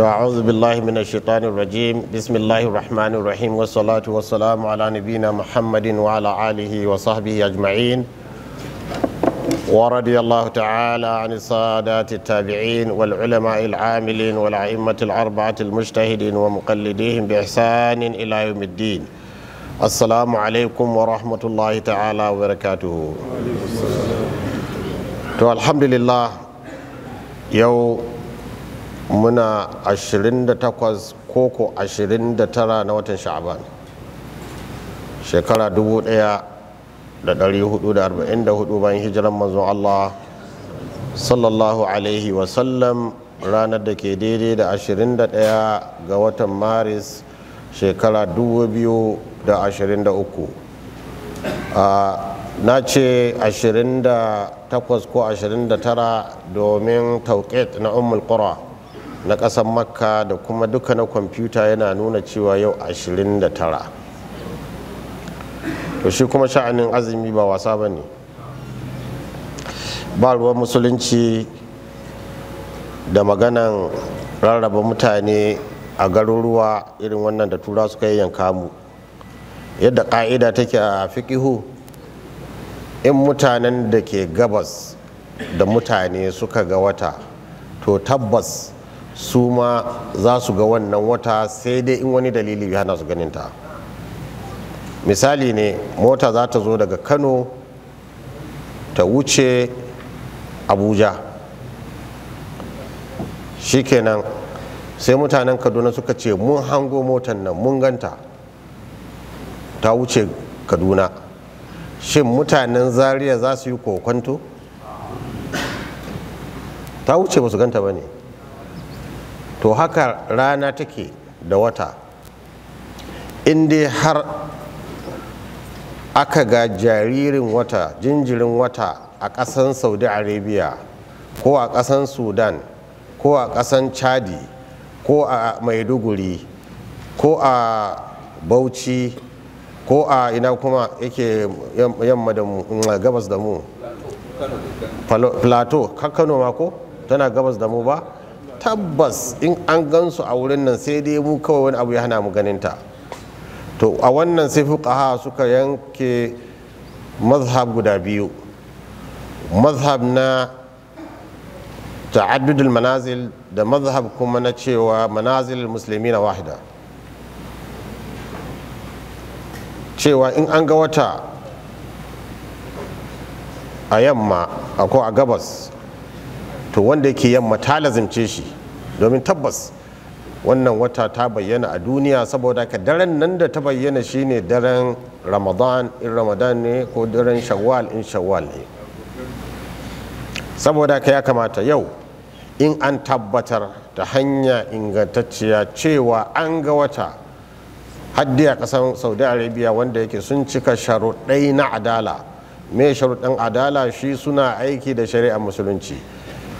أعوذ بالله من الشيطان الرجيم بسم الله الرحمن الرحيم والصلاة والسلام على نبينا محمد وعلى آله وصحبه أجمعين ورضي الله تعالى عن السادات التابعين والعلماء العاملين والأئمة الأربعة المجتهدين ومقلديهم بإحسان إلى يوم الدين السلام عليكم ورحمة الله تعالى وبركاته الحمد لله yau muna 28 koko 29 na watan sha'aban shekara 1444 bayan hijiran manzon Allah sallallahu alaihi wasallam ranar da ke daidai da 21 ga watan maris shekara 2023 a na ce 28 ko 29 domin tauƙet na ummul qura na ƙasar makka da kuma duka na kwamfuta yana nuna cewa yau 29 to shi kuma sha'anin azumi ba wasa ba ne ba ruwan musulunci da maganan rarraba mutane a garuruwa irin wannan da tura suka yi yanka mu yadda ƙa'ida take a fikihu in mutanen da ke gabas da mutane suka ga wata to tabbas su ma za su ga wannan wata sai dai in wani dalili ya hana su ganinta misali ne mota za ta zo daga kano ta wuce abuja shikenan sai mutanen kaduna suka ce mun hango motan nan mun ganta ta wuce kaduna shin mutanen zaria za su yi kokonto ta wuce ba su ganta ba ne to haka rana take da wata in dai har aka ga jaririn wata jinjirin wata a ƙasan saudi arabia ko a ƙasan sudan ko a ƙasan chadi ko a maiduguri ko a bauchi ko a ina kuma yake yamma da mu mm, gabas da mu plateau kakkano ma ko tana gabas da mu ba tabbas in an gansu a wurin nan sai dai mu kawai wani abu ya hana mu ganinta to a wannan sai fuqaha suka yanke mazhab guda biyu mazhab na ta'addudul manazil da mazhab kuma na cewa manazil musulmi na wahida cewa in an ga wata a yamma ko a gabas to wanda yake yamma ta lazimce shi domin tabbas wannan wata ta bayyana a duniya saboda ka daren nan da ta bayyana shine daren ramadan in ramadan ne ko daren shawwal in shawwal ne saboda ka ya kamata yau in an tabbatar ta hanya ingantacciya cewa an ga wata haddi a kasar saudi arabia wanda yake sun cika sharuɗai na adala me sharuɗan adala shi suna aiki da shari'a musulunci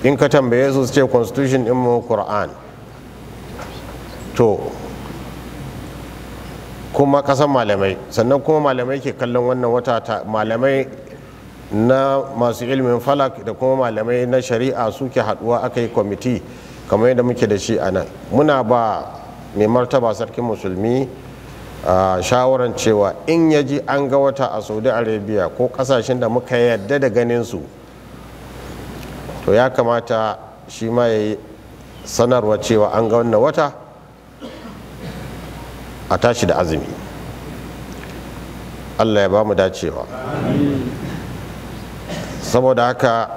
in ka tambaye su ce constitution din mu qur'an to kuma kasan malamai sannan kuma malamai ke kallon wannan wata malamai na masu ilimin falak da kuma malamai na shari'a suke haduwa aka yi kwamiti kamar yadda muke da shi a nan muna ba mai martaba sarkin musulmi shawaran cewa in ya ji an ga wata a saudi arabia ko kasashen da muka yadda da ganinsu to ya kamata shi ma ya yi sanarwa cewa an ga wannan wata a tashi da azumi allah ya ba mu dacewa saboda haka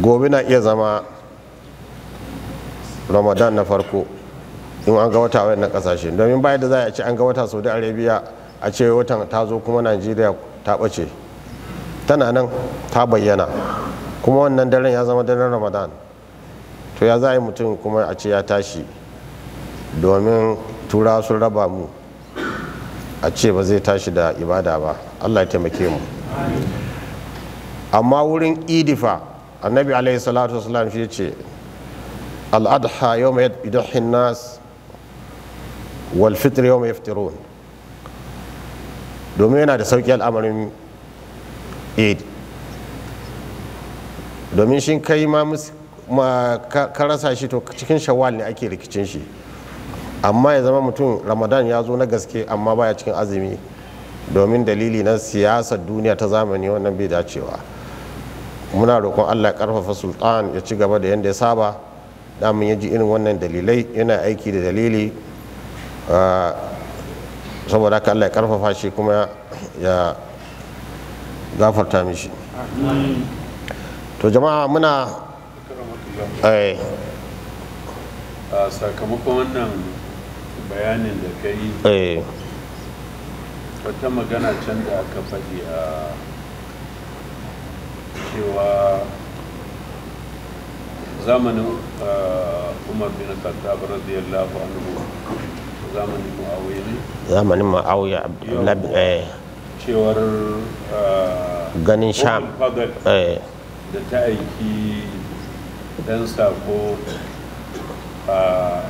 gobe na iya zama ramadan na farko in an ga wata wayan kasashe domin bayan da za a ce an ga wata saudi arabia a ce watan ta zo kuma najeriya ta ɓace tana nan ta bayyana kuma wannan daren ya zama daren ramadan to ya za a yi mutum kuma a ce ya tashi domin tura sun raba mu a ce ba zai tashi da ibada ba allah ya taimake mu amma wurin idifa annabi alaihi salatu wasalam shi ce al'adha yau mai idahin nas wal fitr yawma yaftirun domin yana da sauki al'amarin eid domin shi kai ma ka rasa shi to cikin shawal ne ake rikicin shi amma ya zama mutum ramadan ya zo na gaske amma baya cikin azumi domin dalili na siyasar duniya ta zamani wannan bai dacewa muna roƙon allah ƙarfafa sultan ya ci gaba da yadda ya saba damin yaji yaji irin wannan dalilai yana aiki da dalili Ah, saboda haka Allah ya karfafa shi kuma ya gafarta mishi to jama'a muna eh. ah, sakamakon wannan bayanin da ka yi eh. wata magana can da aka faɗi a ah, cewa zamanin umar bin khattab radiyallahu anhu zamanin ma'auya ne zamanin ma'auya eh, cewar ah, ganin sham eh. da ta aiki dan sako ah,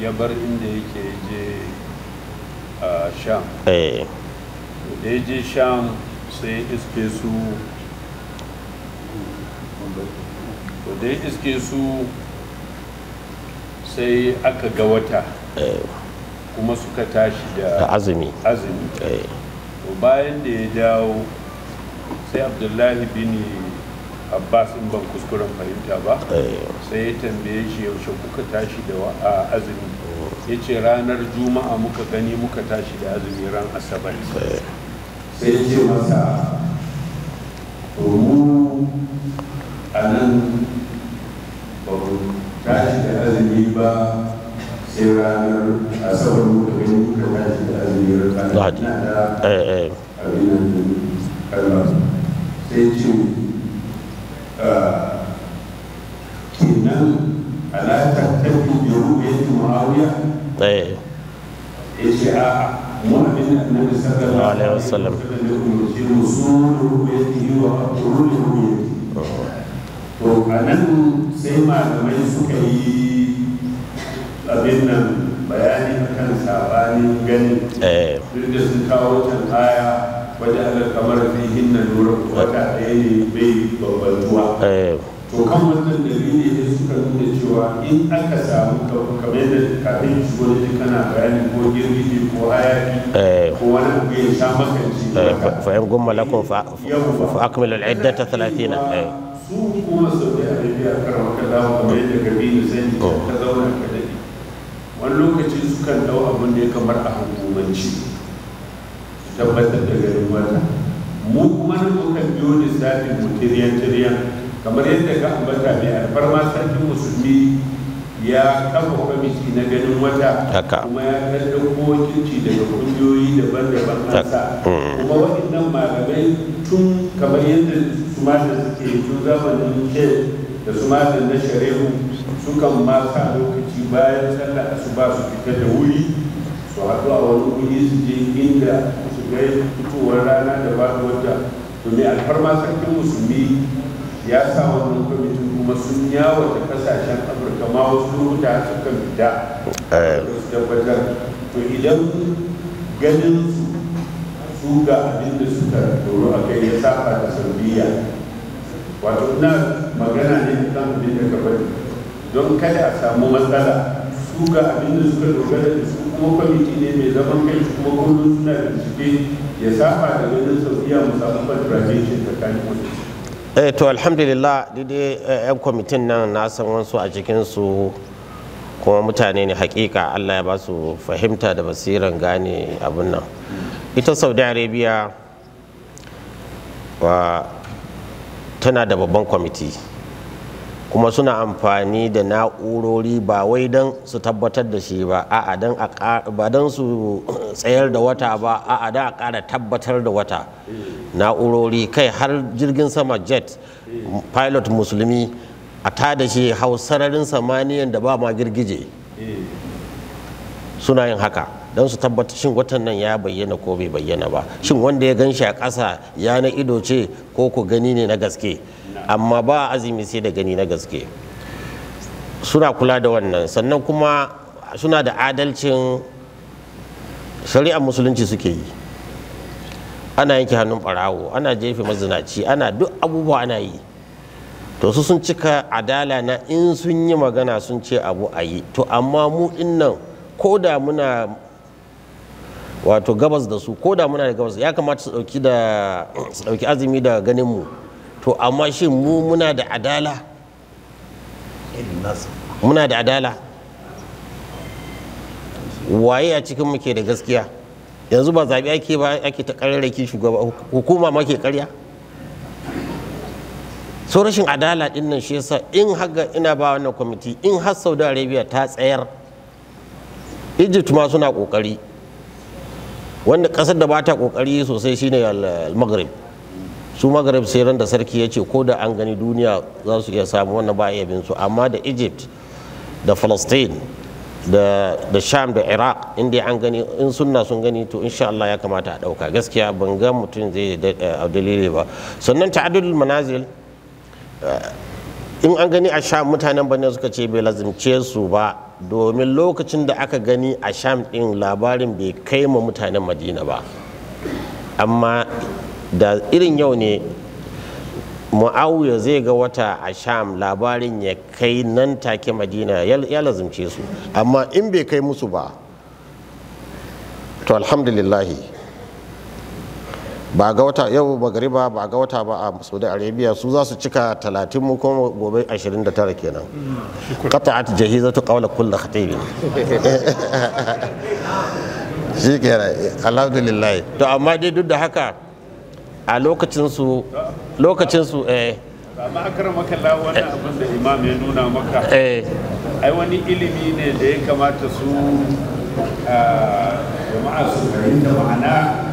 ya bar inda yake je ah, sham eh. da ya je sham sai iske su da ya iske su sai aka ga wata kuma suka tashi da azumi bayan da ya dawo sai abdullahi bin abbas in ban kuskuren fahimta ba sai ya tambaye shi yaushe kuka tashi da azumi ya ce ranar juma'a muka gani muka tashi da azumi ran asabar sai ya ce masa mu a nan ba tashi da azumi ba lahadi eh eh sai ce kenan ala tattafi bi ru'yati muawiya eh yace a mu'min annabi sallallahu alaihi wasallam shi musul ru'yatihi wa qatrul ru'yatihi to anan sai malamai suka yi abin nan bayani akan sabanin gani duk da sun kawo can aya wajen ala kamar fihin na nura wata ɗaya ne bai babbalwa to kan wannan dalili ne suka nuna cewa in aka samu kamar yadda kafin shigo da kana bayani ko girgiji ko hayaki ko wani abu ya sha makanci fa yan gumma lakum fa akmilu al'iddata 30 su kuma sau da arabiya karamar kalamu kamar yadda kabilu sani ta zauna wani lokaci sukan dau abin da ya kamar a hukumanci tabbatar da garin wata mu kuma na mukan biyo lissafin mu tiriyan tiriyan kamar yadda ka ambata mai alfarma sarkin musulmi ya kafa kwamiti na ganin wata kuma ya ɗan wakilci daga kungiyoyi daban-daban nasa mm. kuma waɗannan malamai tun kamar yadda su ma da suke tun zamanin ke da su da na sharehu sukan mata lokaci bayan sallar ba su fita da wuri su haɗu a wani wuri su je inda su gai fitowar rana da babu wata domin alfarma sarkin musulmi ya sa wannan kwamitin kuma sun yawata kasashen afirka ma wasu lokuta kan fita eh. su tabbatar to idan ganin su ga abin da suka doro a kai ya saba da sarbiya wato ina magana ne ta abin da ka bari don kada a samu matsala su ga abin da suka dogara da su kuma kwamiti ne mai zaman kai kuma kullum suna da cike ya saba da ganin sauriya musamman federation da wasu eh to alhamdulillah daidai eh, yan kwamitin nan na san wasu a cikinsu kuma mutane ne hakika allah ya ba su fahimta da basiran gane abin nan ita saudi arabia wa tana da babban kwamiti kuma suna amfani da na'urori ba wai don su tabbatar da shi ba a'a don ba su tsayar da wata ba a don a ƙara tabbatar da wata na'urori kai har jirgin sama jet pilot musulmi a ta da shi hau sararin samaniyan da ba ma girgije eh. suna yin haka don su tabbata shin watan nan ya bayyana ko bai bayyana ba shin wanda ya gan shi a ƙasa ya na ido ce ko ku gani ne na gaske amma ba azumi sai da gani na gaske suna kula da wannan sannan kuma suna da adalcin shari'ar musulunci suke yi ana yanke hannun barawo. ana jefe mazinaci ana duk abubuwa ana yi to su sun cika adala na in sun yi magana sun ce abu a yi to amma mu nan ko da muna wato gabas da su ko da muna da gabas ya kamata su dauki da su dauki azumi da ganin mu to amma shin mu muna da adala muna da adala waye a cikin mu ke da gaskiya yanzu ba zabi ake ba ake ta ƙararraki shugaba hukuma ma ke ƙarya so rashin adala din nan shi yasa in haga ina ba wannan kwamiti in har saudi arabia ta tsayar egypt ma suna kokari wanda kasar da ba ta kokari sosai shine al-maghrib su maghrib sai ran da sarki ya ce ko da an gani duniya za su iya samu wannan ba iya bin su amma da egypt da palestine da da sham da iraq inda an gani in sunna sun gani to insha Allah ya kamata a dauka gaskiya ban ga mutum zai da dalili ba sannan ta'addul manazil eh, in an gani a sham mutanen bane suka ce bai lazimce su ba domin lokacin da aka gani a sham ɗin labarin bai kai ma mutanen madina ba amma da irin yau ne ya zai ga wata a sham labarin ya kai nan take madina ya lazimce su amma in bai kai musu ba to alhamdulillahi ba ga wata yau ba magariba ba ga wata ba a saudi arabia su za su cika talatin mu kuma gobe 29 kenan qata'at jahizatu qawla kulli khatib shi kenan alhamdulillah to amma dai duk da haka a lokacin su lokacin su eh amma akar maka wani eh. abin da imam ya nuna maka eh ai wani ilimi ne da ya kamata su ah, jama'a su fahimta ma'ana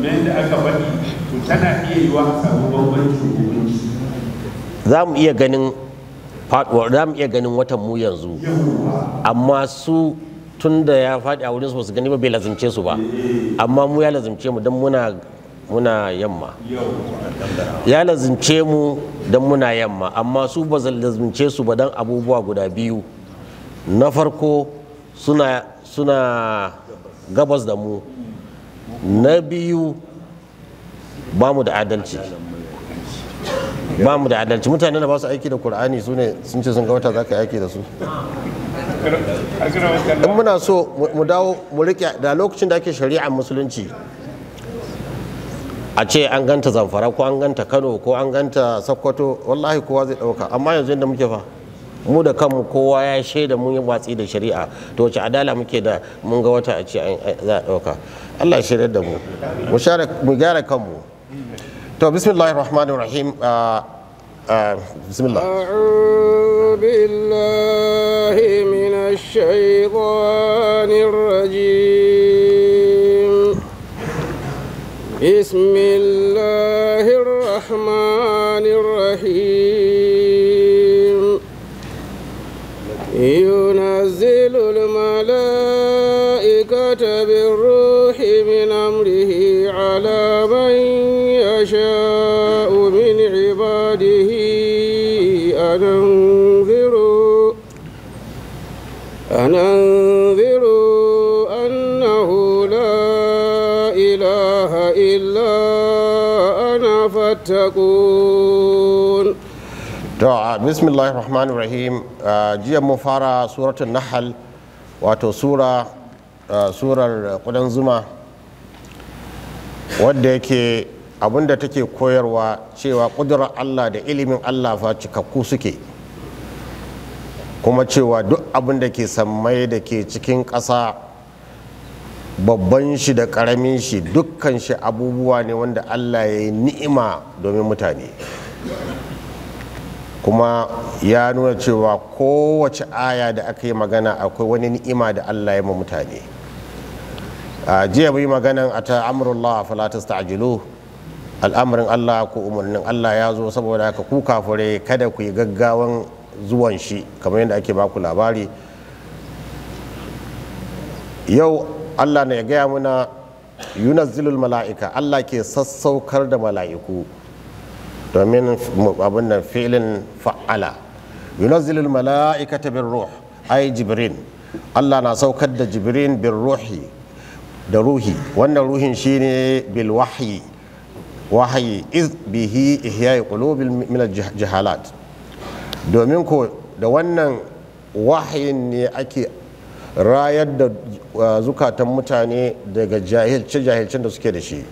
kamar yadda aka faɗi to tana iya yiwa a samu bambancin za mu iya ganin faduwar za mu iya ganin watan mu yanzu amma su tun da ya faɗi a wurin su su gani ba bai lazimce su ba eh. amma mu ya lazimce mu don muna muna yamma ya lazimce mu don muna yamma amma su ba lazimce su ba don abubuwa guda biyu na farko suna suna gabas da mu na biyu ba mu da adalci ba mu da adalci mutane da ba su aiki da kur'ani su ne sun ce sun ga wata za ka aiki da su in muna so mu dawo mu rike da lokacin da ake shari'ar musulunci a ce an ganta zamfara ko an ganta kano ko an ganta Sakkwato wallahi kowa zai ɗauka amma yanzu yadda muke fa mu da kanmu kowa ya shaida mun yi watsi da shari'a to wace adala muke da mun ga wata a ce za a ɗauka allah shirya da mu mu gyara kanmu to bismillahir rahmanir rahim ah, ah, bismillah billahi minash shaytanir rajim, bismillahir rahmanir rahim. ينزل الملائكة بالروح من أمره على من يشاء من عباده أن أنذروا أن أنذروا أنه لا إله إلا أنا فاتقون to bismillahir rahmanir rahim ah, jiya mun fara suratul nahal wato sura ah, surar kudan zuma wadda yake abinda take koyarwa cewa kudura allah da ilimin allah fa cikakku suke kuma cewa duk abinda ke sammai da ke cikin ƙasa babban shi da ƙaramin shi dukkan shi abubuwa ne wanda allah ya yi ni'ima domin mutane kuma ya nuna cewa kowace aya da aka yi magana akwai wani ni'ima da allah ya ma mutane a jiya bai maganan a ta amurullah falatus ta'jilu al'amarin allah ko umarnin allah ya zo saboda haka ku kafure kada ku yi gaggawan zuwan shi kamar yadda ake baku labari yau allah na ya gaya muna zilul mala'ika allah ke sassaukar da mala'iku domin abin nan filin fa'ala mala'ika mala'ikata bin ruh ai jibrin Allah na saukar da jibrin bin ruhi da ruhi wannan ruhin shine bil wahyi wahayi iz bihi ihya'i qulubil min jihalat domin ko da wannan wahayin ne ake rayar da uh, zukatan mutane daga jahilce-jahilcen da suke da shi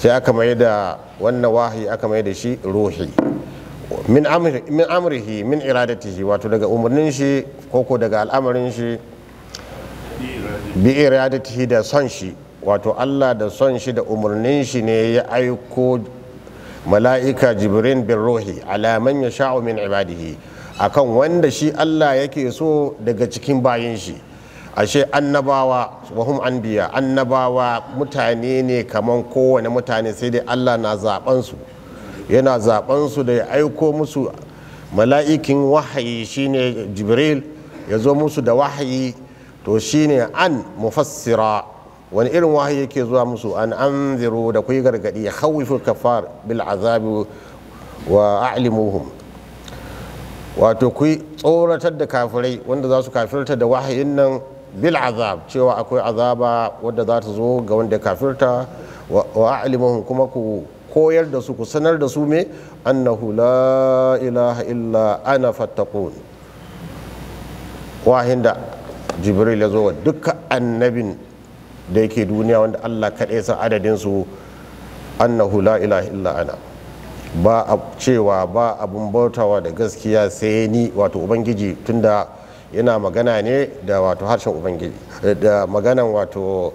sai aka mai da wannan wahayi aka mai da shi ruhi min amrihi min iradatihi wato daga umarnin shi koko daga al'amarin shi bi iradatihi da son shi wato Allah da son shi da umarnin shi ne ya aiko mala'ika jibrin bin ruhi alaman ya sha'u min ibadihi akan wanda shi Allah yake so daga cikin bayan shi ashe annabawa wa hum anbiya annabawa mutane ne kamar kowane mutane sai dai Allah na zabansu yana zaben su da ya aiko musu mala'ikin wahayi shine jibril ya zo musu da wahayi to shine an mufassira wani irin wahayi yake zuwa musu an anziru da kuyi gargadi ya khawifu kafar bil azabi wa a'limuhum wato ku tsoratar da kafirai wanda za su kafirta da wahayin nan bil azab cewa akwai azaba wadda za ta zo ga wanda kafirta wa alimuhum kuma ku koyar da su ku sanar da su me annahu la ilaha illa ana fattaqun wahin da jibril ya zo wa dukkan annabin da yake duniya wanda Allah kaɗai san adadin su annahu la ilaha illa ana ba cewa ba abun bautawa da gaskiya sai ni wato ubangiji tunda yana magana ne da wato harshen ubangiji da maganan wato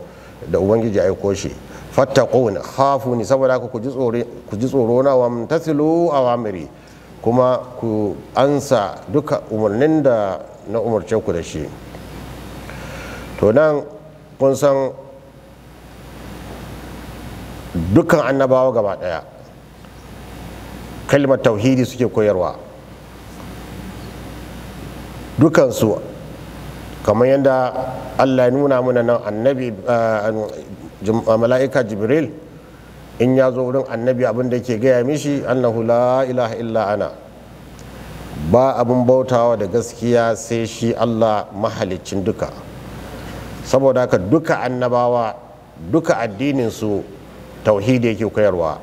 da ubangiji ya aiko shi fattaquna khafuni saboda ku ji tsoro ku ji tsoro na wa mutasilu awamiri kuma ku ansa duka umarnin da na umarce ku da shi to nan kun san dukkan annabawa gaba daya kalmar tauhidi suke koyarwa dukansu kamar yadda allah ya nuna mana nan annabi ah, ah, mala'ika jibril in ya zo wurin annabi abin da ke gaya mishi annahu la ilaha illa ana ba abin bautawa da gaskiya sai shi allah mahalicin duka saboda haka duka annabawa duka addininsu tauhidi yake koyarwa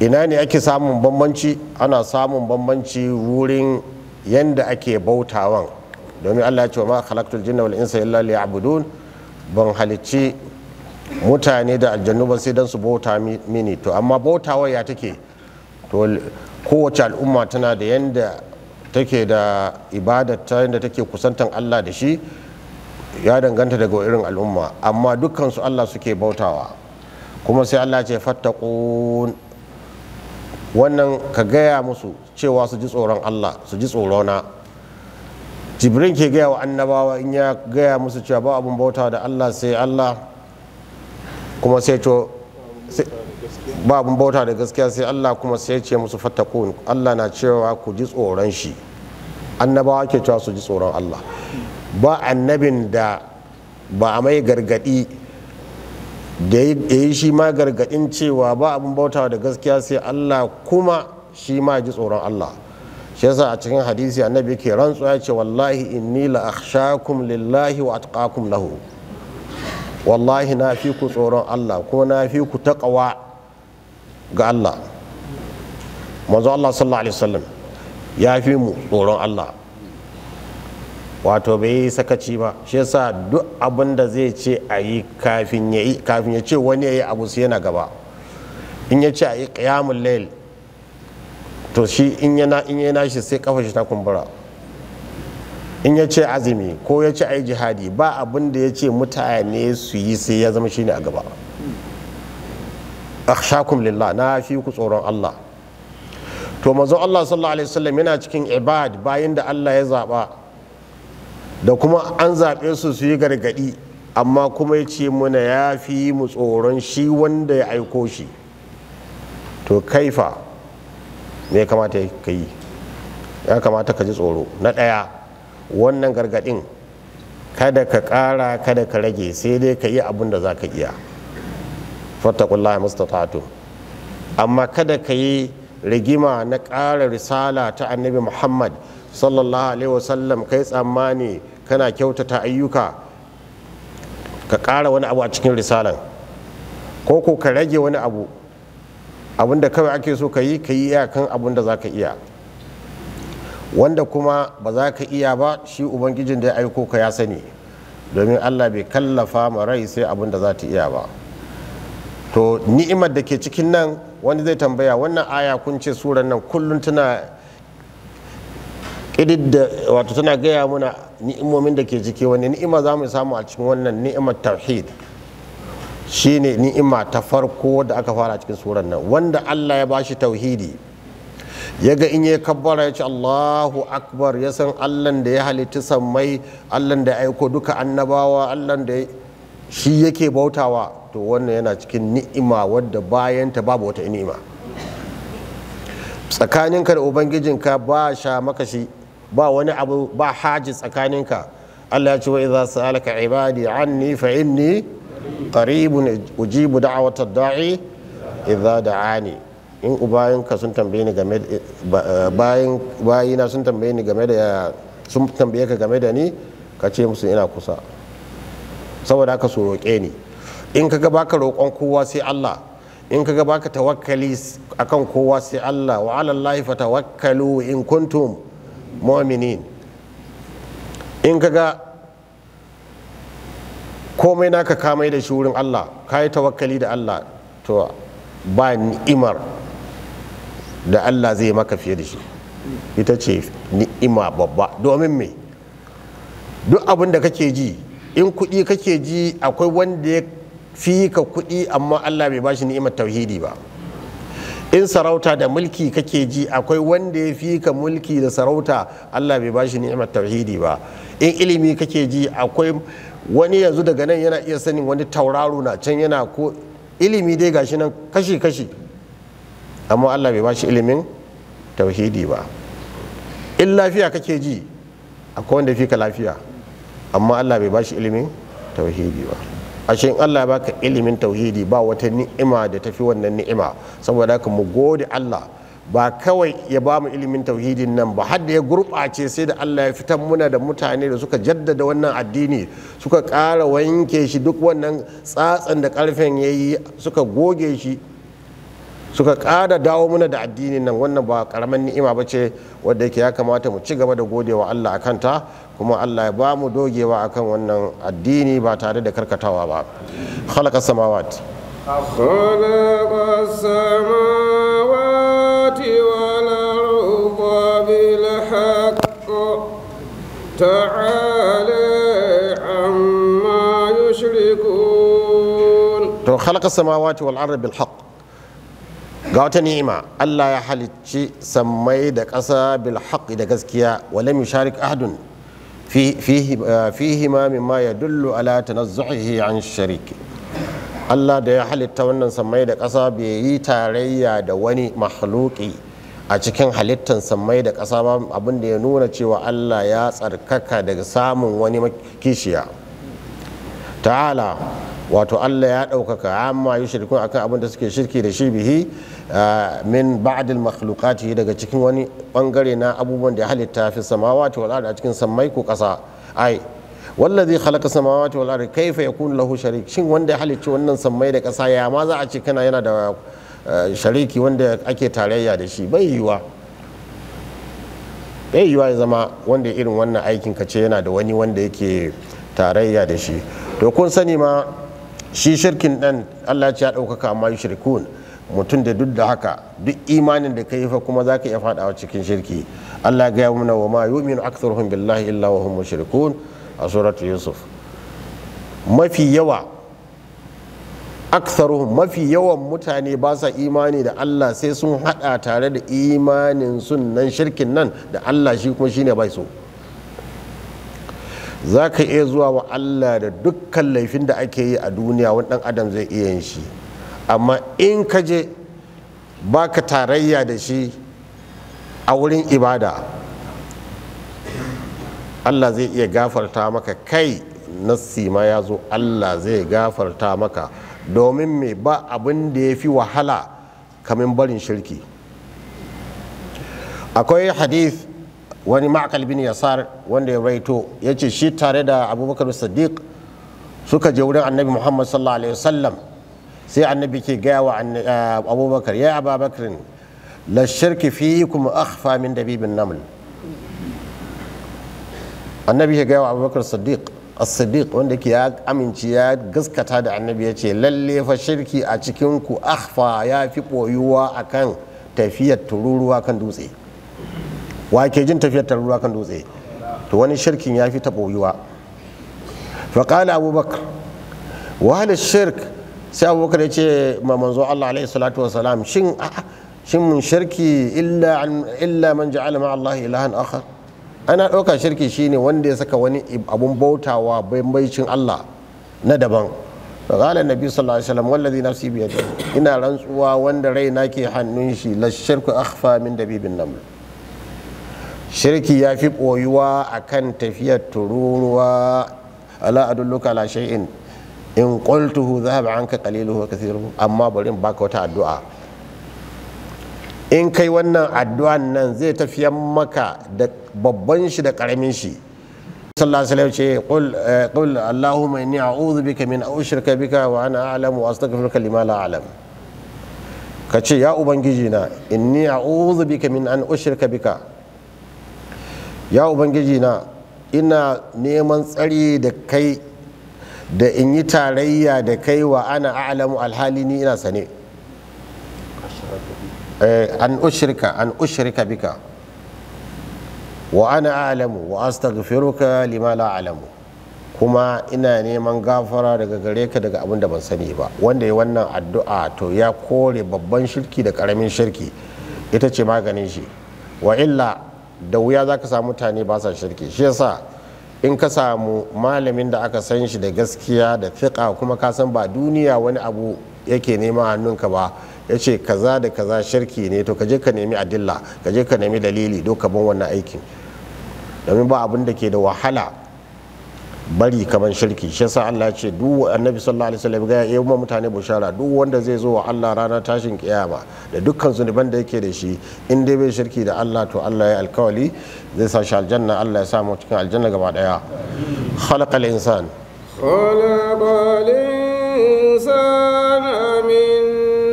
ina ne ake samun bambanci ana samun bambanci wurin yanda ake bautawan domin Allah ya wa ma khalaqtul jinna wal insa illa abudun ban halicci mutane da aljannu ban sai dan su bauta mini to amma bautawa ya take to kowace al'umma tana da yanda take da ibadata yanda take kusantan Allah da shi ya danganta daga irin al'umma amma dukkan su Allah suke bautawa kuma sai Allah ce fattakun wannan ka gaya musu cewa su ji tsoron Allah su ji tsorona jibrin ke gaya wa annabawa in ya gaya musu cewa ba abun bauta da Allah sai Allah kuma sai to ba abun bauta da gaskiya sai Allah kuma sai ce musu fattaku. Allah na cewa ku ji tsoron shi annabawa ke cewa su ji tsoron Allah ba annabin da ba a mai gargadi da ya yi shi ma gargaɗin cewa ba abin bautawa da gaskiya sai Allah kuma shi ma ji tsoron Allah shi yasa a cikin hadisi annabi ke rantsu ya ce wallahi inni la akhshakum lillahi wa atqakum lahu wallahi na fi ku tsoron Allah kuma na fi ku taqwa ga Allah manzo Allah sallallahu alaihi wasallam ya fi mu tsoron Allah wato bai yi sakaci ba shi yasa duk abin da zai ce a yi kafin ya ce wani ya yi abu su yana gaba in ya ce a yi qiyamul lail to shi in yana in yana shi sai kafa shi ta kumbura in ya ce azumi ko ya ce a yi jihadi ba abin da ya ce mutane su yi sai ya zama shine a gaba akhshakum lillah na fi ku tsoron Allah to manzon Allah sallallahu alaihi wasallam yana cikin ibad bayan da Allah ya zaba da kuma an zaɓe su su yi gargaɗi amma kuma ya ce muna ya fi mu tsoron shi wanda ya aiko shi to kaifa me ya kamata ka yi ya kamata ka ji tsoro na ɗaya wannan gargaɗin kada ka ƙara kada ka rage sai dai ka yi abin da za ka iya fattakullahi mustata'atu amma kada ka yi rigima na ƙara risala ta annabi muhammad sallallahu alaihi wasallam kai tsammani kana kyautata ayyuka ka ƙara wani abu a cikin risalan ko ko ka rage wani abu abin kawai ake so ka yi ka yi iyakan abin da za ka iya wanda kuma ba za ka iya ba shi ubangijin da ya aiko ka ya sani domin allah bai kallafa ma rai sai abin da za ta iya ba to ni'imar da ke cikin nan wani zai tambaya wannan aya kun ce suran nan kullum tana wato tana gaya muna ni'imomin da ke ciki wani ni'ima za mu samu a cikin wannan ni'imar tauhid shine ni'ima ta farko da aka fara cikin surar nan wanda Allah ya bashi tauhidi ya ga in ya kabbara ya ce Allahu akbar ya san Allah da ya halitta sammai Allah da ya aiko duka annabawa Allah da shi yake bautawa to wannan yana cikin ni'ima wadda bayan ta babu wata ni'ima tsakaninka da ubangijinka ba sha maka ba wani abu ba haji tsakaninka Allah ya ce wa idza sa'alaka ibadi anni fa inni qaribun ujibu da'watad da'i idza da'ani in ubayinka sun tambaye ni game bayin bayina sun tambaye ni game da sun tambaye ka game da ni ka ce musu ina kusa saboda haka su roƙe ni in kaga baka roƙon kowa sai Allah in kaga baka tawakkali akan kowa sai Allah wa 'alallahi fatawakkalu in kuntum mu'minin in kaga komai naka kamai da shi wurin Allah ka yi tawakkali da Allah to ba ni'imar da Allah zai maka fiye da shi ita ce ni'ima babba domin me duk abin da kake ji in kuɗi kake ji akwai wanda ya fi ka kuɗi amma Allah bai bashi ni'imar tauhidi ba in sarauta da mulki kake ji akwai wanda ya fi ka mulki da sarauta Allah bai bashi ni'imar tauhidi ba in ilimi kake ji akwai wani yanzu daga nan yana iya sanin wani tauraro na can yana ko ilimi dai gashi nan kashi kashi amma Allah bai bashi ilimin tauhidi ba in lafiya kake ji akwai wanda fi ka lafiya amma Allah bai bashi ilimin tauhidi ba ashe in Allah baka ilimin tauhidi ba wata ni'ima da tafi wannan ni'ima saboda haka mu gode Allah ba kawai ya ba mu ilimin tauhidin nan ba har ya gurɓace sai da Allah ya fitar muna da mutane da suka jaddada wannan addini suka ƙara wanke shi duk wannan tsatsan da ƙarfen ya yi suka goge shi suka ƙara dawo muna da addinin nan wannan ba ƙaramin ni'ima ba ce wadda yake ya kamata mu ci gaba da gode Allah a kanta kuma Allah ya ba mu dogewa akan wannan addini ba tare da karkatawa ba khalaqa samawat khalaqa samawati wal arda bil haqq ta'ala amma yushrikun to khalaqa samawati wal arda bil haqq ga wata ni'ima Allah ya halicci sammai da ƙasa bil da gaskiya wa lam yusharik ahadun Uh, fihima ma ya dullu ala tanazzuhihi an shariki Allah da ya halitta wannan samai da ƙasa bai yi tarayya da wani mahaluki a cikin halittan samai da ƙasa ba abinda ya nuna cewa Allah ya tsarkaka daga samun wani kishiya ta'ala wato Allah ya ɗaukaka amma yi shirkun akan abin da suke shirki da shi bihi ah, min ba'adil makhlukati daga cikin wani bangare na abubuwan da halitta fi samawati wal ardi a cikin samai ko ƙasa ai wallazi khalaqa samawati wal ardi kaifa yakunu lahu sharik shin wanda ya halicci wannan sammai da kasa ya ma za a ce kana yana da ah, shariki wanda ake tarayya da shi bai yiwa bai yiwa ya zama wanda irin wannan aikin ka ce yana da wani wanda yake tarayya da shi to kun sani ma shi shirkin ɗan Allah ya ɗaukaka amma shirkun mutum da duk da haka duk imanin da ka yi kuma za ka iya faɗawa cikin shirki Allah gaya mana wa ma yu'minu aktharuhum billahi illa wa hum mushrikun a suratul yusuf mafi yawa mafi yawan mutane ba sa imani da Allah sai sun hada tare da imanin sunan shirkin nan da Allah shi kuma shine bai so za ka iya zuwa wa Allah da dukkan laifin da ake yi a duniya wani ɗan adam zai iya yin shi amma in ka je ba ka tarayya da shi a wurin ibada Allah zai iya gafarta maka kai nassi ma ya zo Allah zai gafarta maka domin mai ba abin da ya fi wahala kamin barin shirki akwai hadith wani ma'akal bin yasar wanda ya raito ya ce shi tare da abubakar sadiq suka je wurin annabi muhammad sallallahu alaihi wasallam sai annabi ke gaya wa uh, abubakar ya ababakar la shirki fi kuma akhfa min dabibin naml annabi ke gaya wa abubakar sadiq as-sadiq wanda ke ya amince ya gaskata da annabi ya ce lalle fa shirki a cikin ku akhfa ya fi boyuwa akan tafiyar tururuwa kan dutse wake ke jin tafiyar ruwa kan dutse to wani shirkin ya fi yiwa. faƙala abubakar wahalar shirk sai abubakar ya ce ma manzo allah alaihi salatu wa shin shin mun shirki illa man ja'ala ma allah ilahan akhar ana ɗauka shirki shine wanda ya saka wani abun bautawa bambancin allah na daban قال النبي صلى الله عليه وسلم والذي نفسي بيده إن رنسوا وند ريناكي حنوشي للشرك أخفى dabibin shirki ya fi ɓoyuwa a kan tafiyar tururuwa ala adulluka ala shay'in in qultuhu zahaba anka qaliluhu wa kathiruhu amma bari in baka wata addu'a in kai wannan addu'an nan zai tafiyan maka da babban shi da karamin shi sallallahu alaihi wasallam ce qul eh, qul allahumma inni a'udhu bika min ushrika bika wa ana a'lamu wa astaghfiruka lima la a'lam ka ce ya ubangiji na inni a'udhu bika min an ushrika bika ya ubangiji na ina neman tsari da kai da in yi tarayya da kai wa ana a'lamu alhali ni ina sane eh, an ushirka an ushirka bika wa ana a'lamu wa astaghfiruka lima la a'lamu kuma ina neman gafara daga gare ka daga abin da ban sani ba wanda ya wannan addu'a to ya kore babban shirki da karamin shirki ita ce maganin shi wa illa da wuya za ka samu mutane ba sa shirki shi yasa in ka samu malamin da aka san shi da gaskiya da fiƙa kuma ka san ba duniya wani abu yake nema hannunka ba ya ce kaza da kaza shirki ne to ka je ka nemi adilla ka je ka nemi dalili do ka bin wannan aikin domin ba abin da ke da wahala bari kaman shirki shi yasa Allah ce duk annabi sallallahu alaihi wasallam ga yayin mutane bushara duk wanda zai zo wa Allah ranar tashin kiyama da dukkan zunuban da yake da shi in dai bai shirki da Allah to Allah ya alkawali zai sa shi aljanna Allah ya sa mu cikin aljanna gaba daya khalaqal insan khalaqal insana min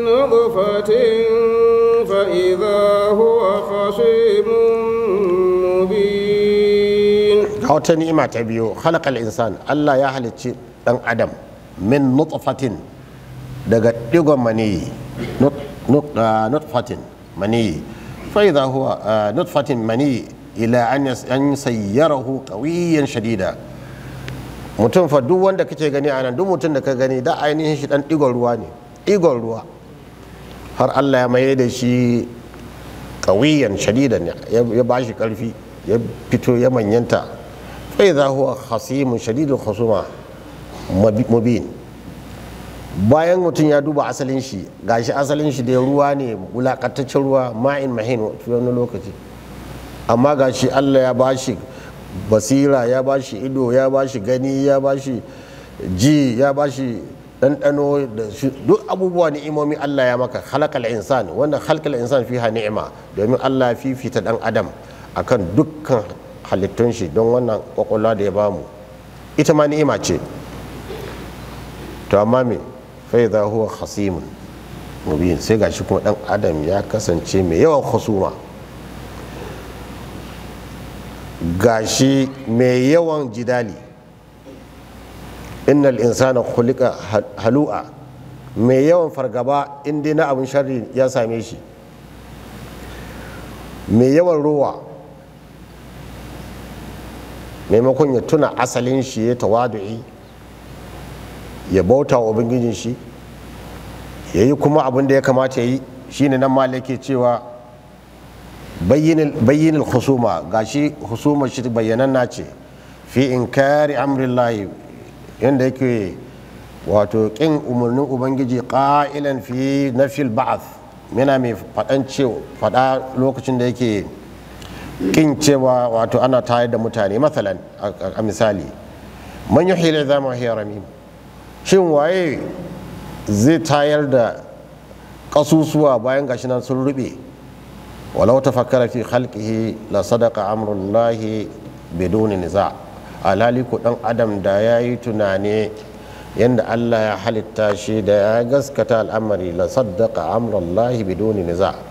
nutfatin fa idha huwa khashiy ga wata ni'ima ta biyu khalaqal insan Allah ya halicci dan adam min nutfatin daga digon maniyi ah, nutfatin maniyi fa idha huwa ah, nutfatin maniyi ila an sayyarahu qawiyyan shadida mutum fa duk wanda kake gani anan nan duk mutum da ka gani da ainihin shi dan digon ruwa ne digon ruwa har Allah ya maye da shi kawiyan shadidan ya ba shi karfi ya fito ya manyanta فإذا هو خصيم شديد خصومة مبين bayan mutum ya duba asalin shi gashi asalin shi da ruwa ne wulakataccen ruwa ma'in mahin wani lokaci amma gashi allah ya bashi basira ya bashi ido ya bashi gani ya bashi ji ya bashi ɗanɗano da duk abubuwa ni'imomi allah ya maka halakal insan wannan halakal insan fiha ni'ima domin allah ya fifita dan adam akan dukkan halittun shi don wannan kwakwalwa da ya bamu ita ma ni'ima ce to amma me fai za huwa hasimun mubin sai gashi kuma dan adam ya kasance mai yawan husuma gashi mai yawan jidali innal insana khuliqa halu'a mai yawan fargaba in dai na abin sharri ya same shi mai yawan ruwa maimakon ya tuna asalin shi ya tawadu'i ya bauta wa ubangijin shi ya yi kuma abin da ya kamata ya yi shine nan ma ke cewa bayyin husuma gashi husuma shi na ce fi in kari amrillahi yadda yake wato kin umarnin ubangiji ƙa'ilan fi nafil ba'ath yana mai faɗan faɗa lokacin da yake kin cewa wato ana tayar da mutane matsalan a misali man yi hila za mu ramin shin waye zai tayar da ƙasusuwa bayan gashi nan sun rube walau ta fakara fi halkihi la sadaka amrullahi biduni niza alhali ko dan adam da ya yi tunani yadda allah ya halitta shi da ya gaskata al'amari la sadaka amrullahi biduni niza'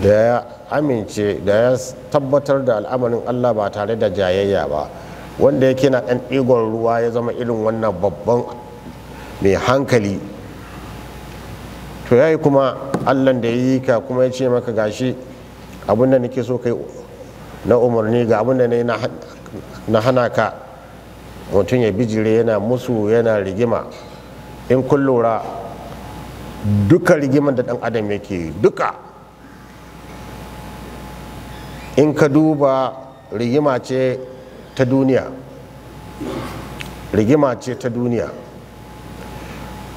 da ya amince da ya tabbatar da al'amarin Allah ba tare da jayayya ba wanda yake na ɗan ɗigon ruwa ya zama irin wannan babban mai hankali to yayi kuma Allah da ya yi ka kuma ya ce maka gashi abinda nake so kai na umarni ga abinda da na hana ka mutum ya bijire yana musu yana rigima in kun duka rigimar da ɗan adam yake duka in ka duba rigima ce ta duniya rigima ce ta duniya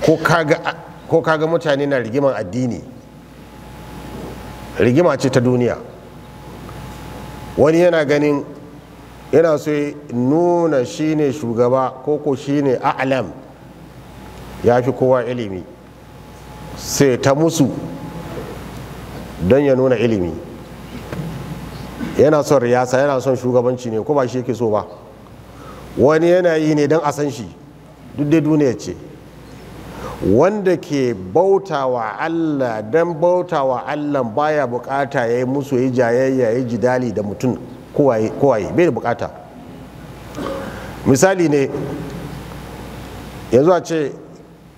ko kaga mutane na rigiman addini rigima ce ta duniya wani yana ganin yana so nuna shine shugaba ko ko shine a'lam ya fi kowa ilimi sai ta musu don ya nuna ilimi yana son riyasa yana son shugabanci ne ko ba shi yake so ba wani yana yi ne don a san shi duk dai duniya ce wanda ke bautawa Allah don bautawa Allah baya bukata ya yi musu yi jayayya ya jidali da mutum kowaye bai da bukata misali ne yanzu a ce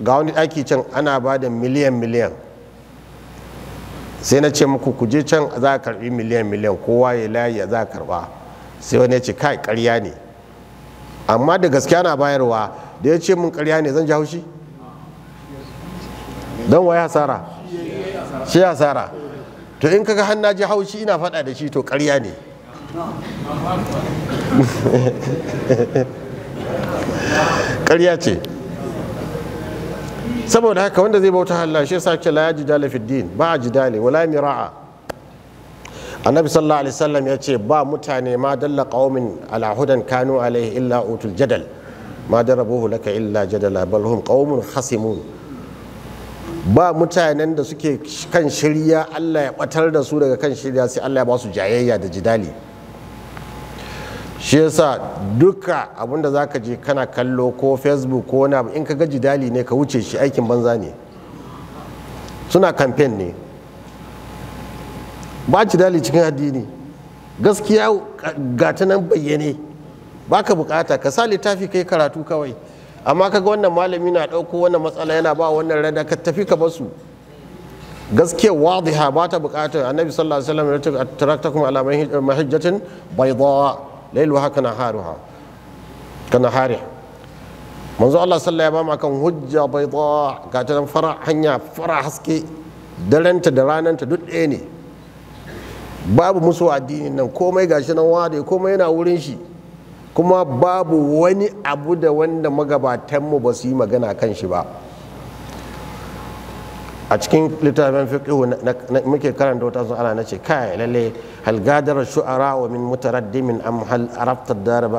ga wani ɗaki can ana ba da miliyan miliyan sai na ce muku ku je can za a karbi miliyan miliyan kowa ya layi za a karba sai wani ya ce kai karya ne amma da gaskiya na bayarwa da ya ce mun karya ne zan ja haushi don waya hasara shi hasara to in kaga har na ji haushi ina faɗa da shi to karya ne karya ce saboda haka wanda zai bauta Allah shi yasa ce la jidala fi din ba jidali wala mira'a annabi sallallahu alaihi wasallam ya ce ba mutane ma dalla qaumin ala hudan kanu alaihi illa utul jadal ma darabuhu laka illa jadala bal hum Hasimun. khasimun ba mutanen da suke kan shirya Allah ya batar da su daga kan shirya sai Allah ya ba su jayayya da jidali shi yasa duka abinda za ka je kana kallo ko facebook ko wani abu in ka gaji dali ne ka wuce shi aikin banza ne suna kamfen ne ba dali cikin addini gaskiya ta nan bayyane ba ka bukata ka sa littafi kai karatu kawai amma ka ga wannan malami na ɗauko wannan matsala yana ba wannan rada ka tafi ka basu gaskiya wadiha ba ta bukatar annabi sallallahu alaihi wasallam ya taraktakum ala mahajjatin bayda lailuha kana haruha kana hariha manzo Allah sallallahu alaihi wasallam akan hujja bayda ga ta fara hanya fara haske Darenta da rananta duk ɗaya ne babu musu addinin nan komai gashi nan wade komai yana wurin shi kuma babu wani abu da wanda magabatanmu ba su yi magana kan shi ba a cikin littafin na muke karanta wata sun ana ce kai lalle halgadar shu'ara wa min mutaraddimin am hal arafta a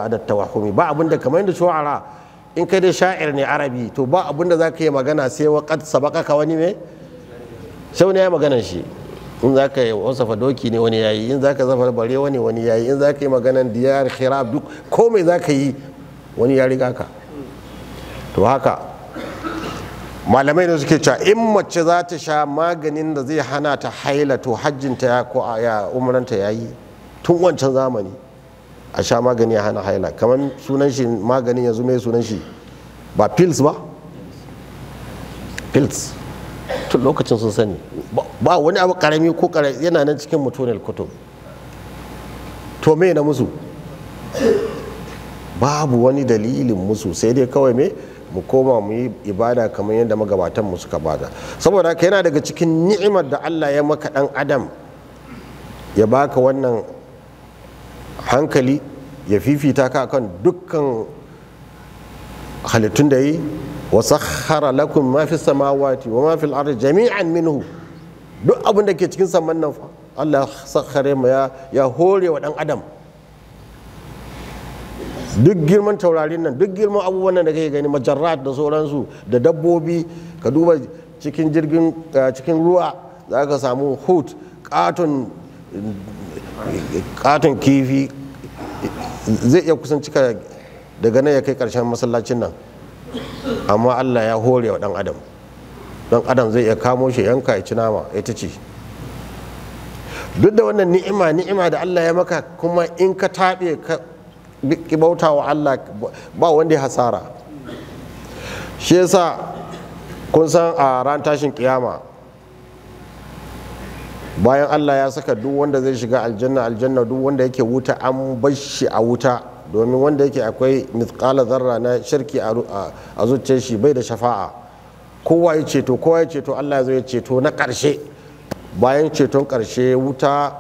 datta tawahumi ba abinda kamar yadda shu'ara in kai dai sha'ir ne arabi to ba abinda zaka yi magana sai wa qad ka wani mai sai ne ya magana shi in zaka yi wasafa doki ne wani yayi in zaka zafa bare wani wani yayi in zaka yi maganan diyar khirab duk komai ka yi wani ya riga ka to haka malamai da suke cewa in mace za ta sha maganin da zai hana ta haila to hajjinta ya ko ya umranta ya yi tun wancan zamani a sha magani ya hana haila kamar sunan shi maganin yanzu mai sunan shi ba pills ba pills tun lokacin sun sani ba wani abu karami ko karami yana nan cikin mutunel kutub to me na musu babu wani dalilin musu sai dai kawai me mu koma mu yi ibada kamar yadda magabatan mu suka bada saboda haka yana daga cikin ni'imar da Allah ya maka dan adam ya baka wannan hankali ya fifita ka kan dukkan halittun da yi wa sakhara lakum ma fi samawati wa ma fil jami'an minhu duk abin da ke cikin saman nan fa Allah sakhare ma ya hore wa dan adam duk girman taurarin nan duk girman abubuwan nan da kake gani majarrat da sauransu da dabbobi ka duba cikin jirgin eh, cikin ruwa za ka samu hut katon kifi zai iya kusan cika daga nan ya kai karshen masallacin nan amma allah ya hore wa dan adam dan adam zai iya kamo shi yanka ya ci nama ya ta ci duk da wannan ni'ima ni'ima da allah ya maka kuma in ka taɓe ki bauta wa Allah ba wanda ya hasara shi yasa kun san a ran tashin kiyama bayan Allah ya saka duk wanda zai shiga aljanna aljanna duk wanda yake wuta an bar shi a wuta domin wanda yake akwai mithqala zarra na shirki a zuciyar shi bai da shafa'a kowa ya ceto kowa ya ceto Allah ya zo ya ceto na karshe bayan ceton karshe wuta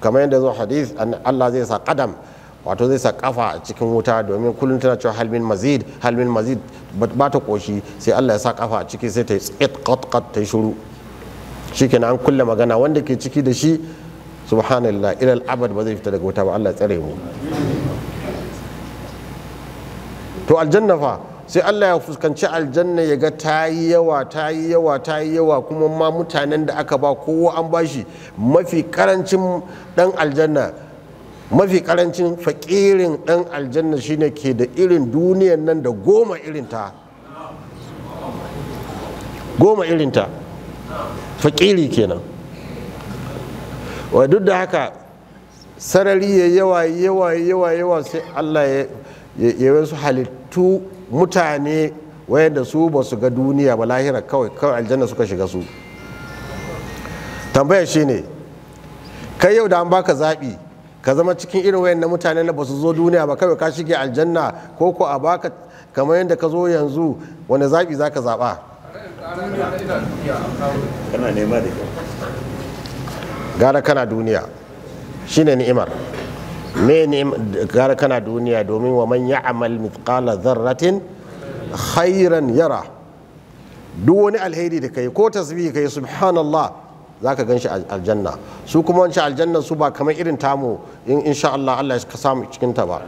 kamar yadda zo hadith Allah zai sa kadam wato zai sa kafa a cikin wuta domin kullum tana cewa halmin mazid halmin mazid ba ta koshi sai Allah ya sa kafa a ciki sai ta yi tsit qat ta yi shuru an kulle magana wanda ke ciki da shi subhanallah ilal abad ba zai fita daga wuta ba Allah ya tsare mu to aljanna fa sai Allah ya fuskanci aljanna ya ga ta yi yawa ta yi yawa ta yi yawa kuma ma mutanen da aka ba kowa an bashi mafi karancin dan aljanna mafi karancin fakirin ɗan aljanna shine ke da irin duniyan nan da goma irinta goma irinta fakiri kenan wa duk da haka sarari ya yawa yawa yawa yawa sai allah ya wasu halittu mutane wayanda su ba su ga duniya ba lahira kawai kawai aljanna suka shiga su tambayar shine kai yau da an baka zaɓi ka zama cikin irin wayan na mutane na ba su zo duniya ba kawai ka shige aljanna ko ko a baka kamar yadda ka zo yanzu wani zaɓi za ka zaɓa gara kana duniya shine ni'imar me gara kana duniya domin wa man ya'mal mithqala dharratin khairan yara duk wani alheri da kai ko tasbihi kai subhanallah zaka gan shi aljanna su kuma wancan aljanna su ba kamar irin tamu in insha Allah Allah ya samu cikin ta ba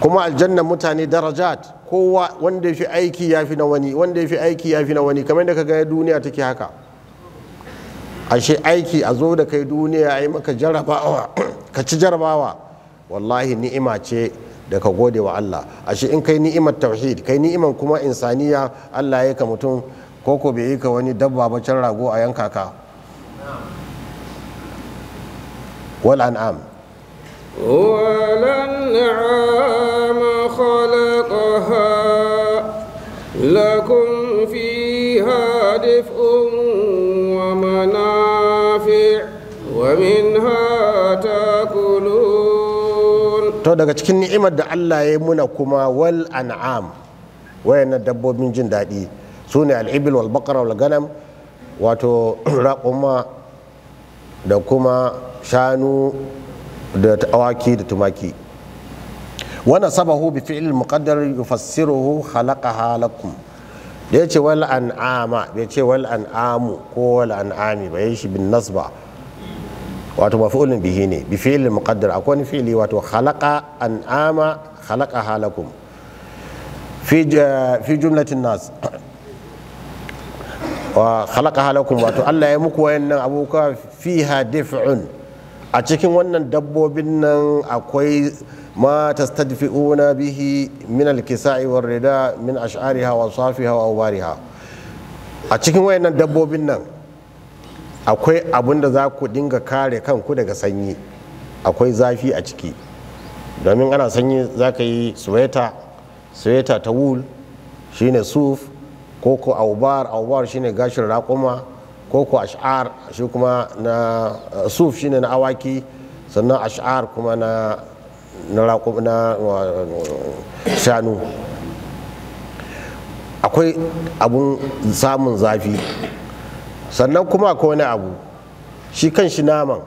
kuma aljanna mutane darajat kowa wanda ya fi aiki ya fi na wani wanda ya fi aiki ya fi na wani kamar da ka ga duniya take haka ashe aiki a zo da kai duniya yi maka jarabawa ka ci jarabawa wallahi ni'ima ce da ka gode wa Allah ashe in kai ni'imar tauhid kai ni'imar kuma insaniya Allah ya ka mutum ko ko bai yi ka wani dabba ba rago a yanka ka والأنعام والأنعام خلقها لكم فيها دفء ومنافع ومنها تأكلون to daga cikin ni'imar da Allah ya yi muna kuma wal an'am wayannan dabbobin jin daɗi sune ne al'ibil wal baqara wal ganam wato raƙuma da kuma shanu da awaki da tumaki wannan sabahu bi fi'il muqaddar yufassiruhu khalaqaha lakum da yace wal an'ama da ce wal an'amu ko wal an'ami ba yayi shi bin nasba wato maf'ulun bihi ne bi fi'il muqaddar akwai wani fi'ili wato khalaqa an'ama khalaqaha lakum fi fi jumlatin nas wa khalaqa halakum wato Allah ya muku wayannan abubuwa fiha dif'un a cikin wannan dabbobin nan akwai ma tastadfi'una bihi min alkisa'i war rida min ash'ariha wa safiha wa awbariha a cikin wayannan dabbobin nan akwai abin da za ku dinga kare kanku daga sanyi akwai zafi a ciki domin ana sanyi za ka yi sweta sweta ta wul shine suf ko ko aubar aubar shine gashin raƙuma ko ko ash'ar shi kuma na eh, suf shine na awaki sannan ash'ar kuma na na shanu akwai abun samun zafi sannan kuma akwai wani abu shi kan shi naman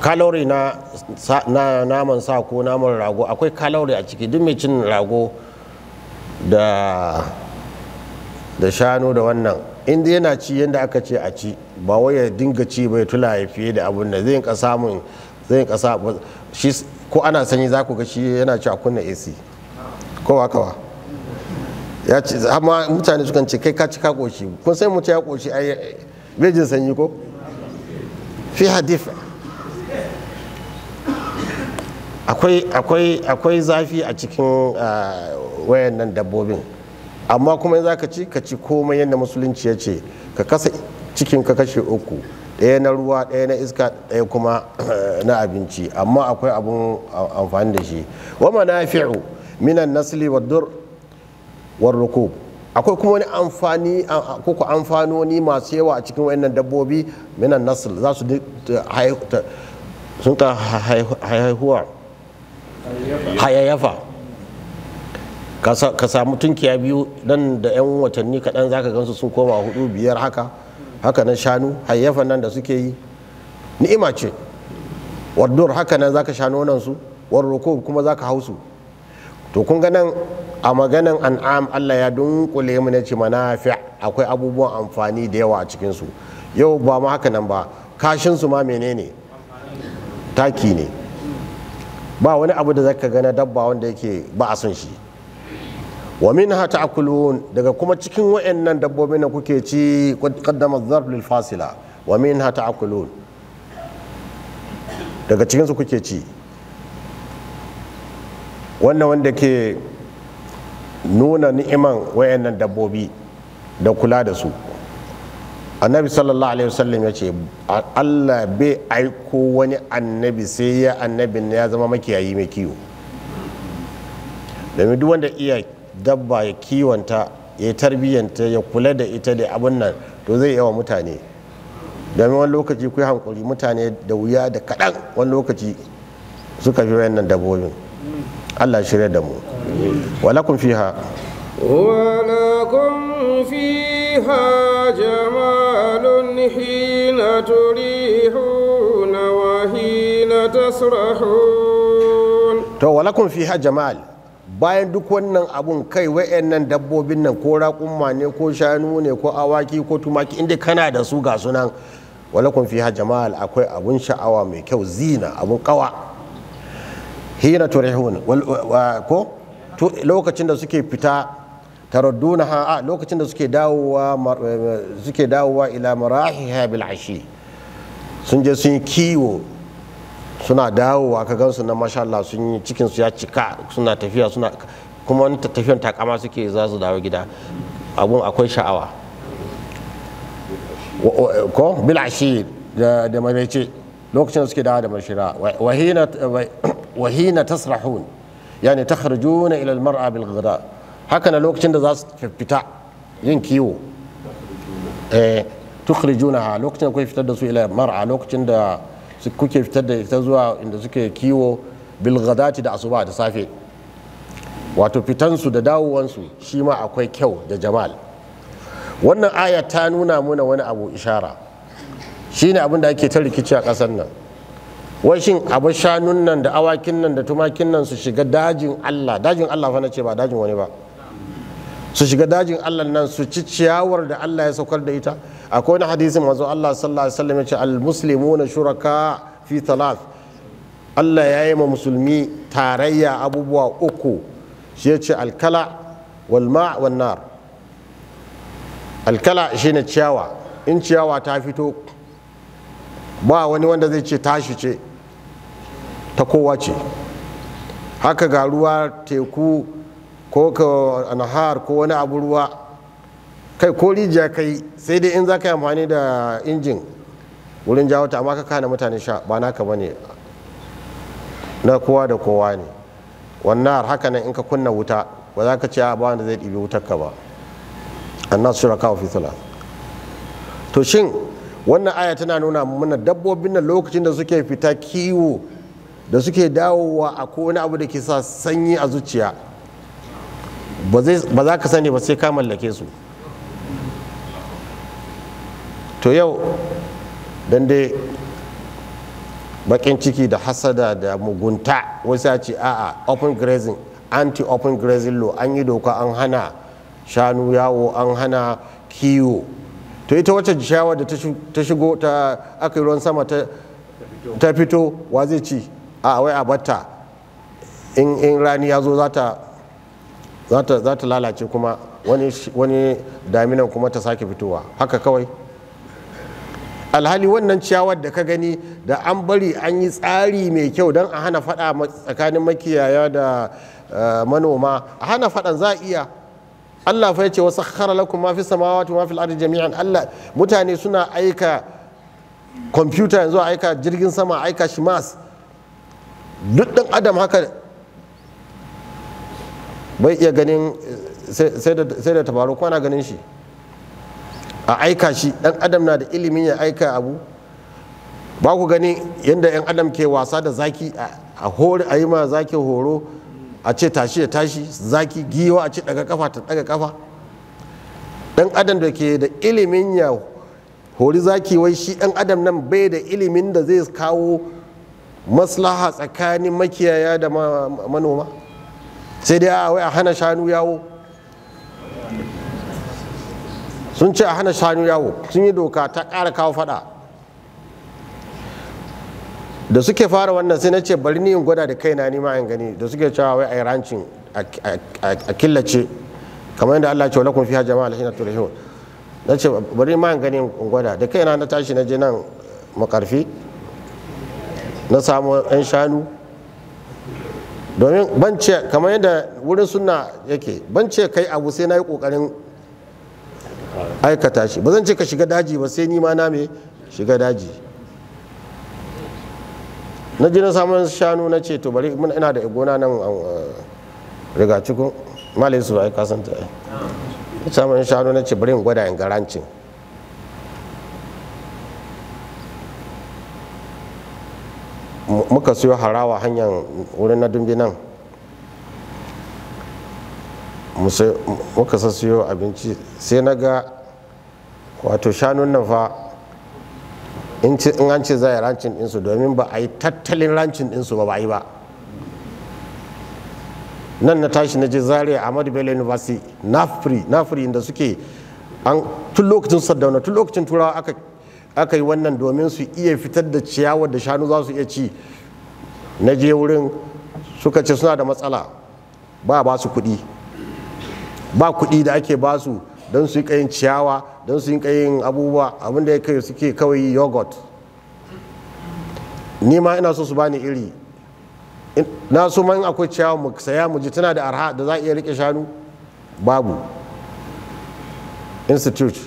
kalori na naman sa ko naman rago akwai kalori a ciki duk mai cin rago da shanu da wannan inda yana ci yadda aka ce a ci ba wai ya dinga ci bai tula ya fiye da abun da zai ka samun zai ka sa shi ko ana sanyi za ku ga shi yana ci a kunna AC Ko kowa kawa ya ci amma mutane sukan ce kai ka ci ka koshi kun sai mutum ya koshi ai bai jin sanyi ko fi hadif akwai zafi a cikin ah, wayannan dabbobin amma kuma za ka ci ka ci komai yadda musulunci ya ce ka kasa cikin ka kashe uku ɗaya na ruwa ɗaya na iska ɗaya kuma eh, na abinci amma akwai abun amfani da shi wa manafi'u minan nasli wa dur wa akwai kuma wani amfani ko amfanoni masu yawa a cikin wayannan dabbobi minan nasl za su sun ta haihuwa hayayafa ka samu tunkiya biyu nan da 'yan watanni kaɗan ka gansu sun koma hudu biyar haka haka nan shanu hayyafan nan da suke yi ni'ima ce wardur haka nan ka shanu nan su ko kuma za ka hau su to kun ganin a maganan an'am Allah ya dunkule mu ne ce manafi akwai abubuwan amfani da yawa a cikinsu. yau ba ma haka nan ba kashin su ma menene taki ne ba wani abu da zaka ga na dabba wanda yake ba a son shi wa minha ta'kulun daga kuma cikin wayannan dabbobi da kuke ci qaddama dharb lil fasila wa minha ta'kulun daga cikin su kuke ci wannan wanda ke nuna ni'iman wayannan dabbobi da kula da su annabi sallallahu alaihi wasallam ya ce allah bai aiko wani annabi sai ya annabin ya zama makiyayi mai kiwo domin duk wanda iya dabba ya kiwonta ya tarbiyyanta ya kula da ita da abin nan to zai yawa mutane domin wani lokaci kuwa hankuri mutane da wuya da kaɗan wani lokaci suka fi wayannan dabbobin allah shirya da mu walakun fiha ولكم فيها جمال حين تريحون وحين to walakun fi ha jamal bayan duk wannan abun kai wa'yan nan dabbobin nan ko raƙumma ne ko shanu ne ko awaki ko tumaki inda kana da su ga sunan walakun fiha jama'al akwai abun sha'awa mai kyau zina abun kawa hina turihun ko lokacin da suke fita taradduna ha a lokacin da suke dawowa eh, suke dawowa ila marahiha bil ashi sun je sun kiwo suna dawowa ka gansu na masha Allah sun yi cikin su ya cika suna tafiya suna kuma wani tafiyan takama suke za su dawo gida abun akwai sha'awa ko bilashi da marece lokacin suke dawa da mashira wahina wahina ya yani takhrujuna ila ilal mar'a bil gada haka na lokacin da za su fita yin kiwo eh, tukhrijunaha lokacin da kai fitar da su ila mar'a lokacin da kuke fitar da ita zuwa inda suke kiwo bilgadati da asuba da safe wato fitansu da dawowansu shi ma akwai kyau da jamal wannan aya ta nuna muna wani abu ishara shi ne abin da ake ta rikici a ƙasar nan washin abin shanun nan da awakin nan da tumakin nan su shiga dajin allah dajin allah fa ce ba dajin wani ba su shiga dajin allah nan su ci ciyawar da allah ya saukar da ita akwai wani hadisin manzo Allah sallallahu alaihi wasallam yace al muslimuna shuraka fi thalath Allah ya yi ma musulmi tarayya abubuwa uku shi yace al kala wal ma Alkala nar al shine ciyawa in ciyawa ta fito ba wani wanda zai ce tashi ce ta kowa ce haka ga ruwa teku ko ka anahar ko wani abu ruwa kai ko rijiya kai sai dai in za ka yi amfani da injin wurin jawo ta amma ka kana mutane sha ba naka bane na kowa da kowa ne wannan haka nan in ka kunna wuta ba za ka ce ba wanda zai ɗibi wutar ka ba annas shuraka fi thalath to shin wannan aya tana nuna mana dabbobin nan lokacin da suke fita kiwo da suke dawowa a wani abu da ke sa sanyi a zuciya ba za ka sani ba sai ka mallake su to yau don dai bakin ciki da hasada da mugunta wasu ya ce a'a open grazing anti-open grazing law an yi doka an hana shanu yawo an hana kiwo to ita wacce shawar da ta shigo ta aka yi ruwan sama ta fito wa zai ci a wai a bata in rani ya zo za ta lalace kuma wani daminan kuma ta sake fitowa haka kawai alhali wannan ciyawar da ka gani da an bari an yi tsari mai kyau don a hana fada tsakanin makiyaya da eh, manoma a hana fadan za a iya Allah fa yace wasu lakum ma fi samawati ma fil ardi jami'an Allah mutane suna aika kwamfuta yanzu aika jirgin sama aika shi mas duk dan adam haka bai iya ganin eh, sai da tabaru kwana ganin shi a aika shi dan adam na da ilimin ya aika abu ba ku gani yadda 'yan adam ke wasa da zaki a hori a yi ma zaki horo a ce tashi da tashi zaki giwa a ce daga kafa ta daga kafa dan adam da ke da ilimin ya hori zaki wai shi dan adam nan bai da ilimin da zai kawo maslaha tsakanin makiyaya da manoma sai dai a wai a hana shanu yawo sun ce a hana shanu yawo sun yi doka ta ƙara kawo fada da suke fara wannan sai na ce bari ni in gwada da kaina ni ma in gani da suke cewa wai ai rancin a killace kamar yadda Allah ya ce wa lakum fiha jama'a lahina turihun na ce bari ma in gani in gwada da kaina na tashi na je nan makarfi na samu yan shanu domin ban ce kamar yadda wurin suna yake ban ce kai abu sai na yi kokarin aikata shi ba zan ce ka shiga daji ba sai ni ma na me shiga daji na ji na samun shanu na ce to bari ina da igona nan uh, riga cikin malai su ai kasanta ai samun shanu na ce bari in gwada in garancin muka siyo harawa hanyar wurin na dumbi nan muka siyo abinci sai na ga wato shanun nan fa in an ce zai yi rancin ɗinsu domin ba a yi tattalin rancin ɗinsu ba ba yi ba nan na tashi na je zaria ahmadu bello university nafri nafri da suke an tun lokacin saddauna tun lokacin turawa aka aka yi wannan domin su iya fitar da ciyawa da shanu za su iya ci na je wurin suka ce suna da matsala ba ba su kuɗi ba kuɗi da ake ba su don su yi kayan ciyawa don su yi kayin abubuwa abinda ya kai suke kawai yogurt ni ma ina so su bani iri na so man akwai ciyawa mu saya mu ji tana da arha da za a iya rike shanu babu institute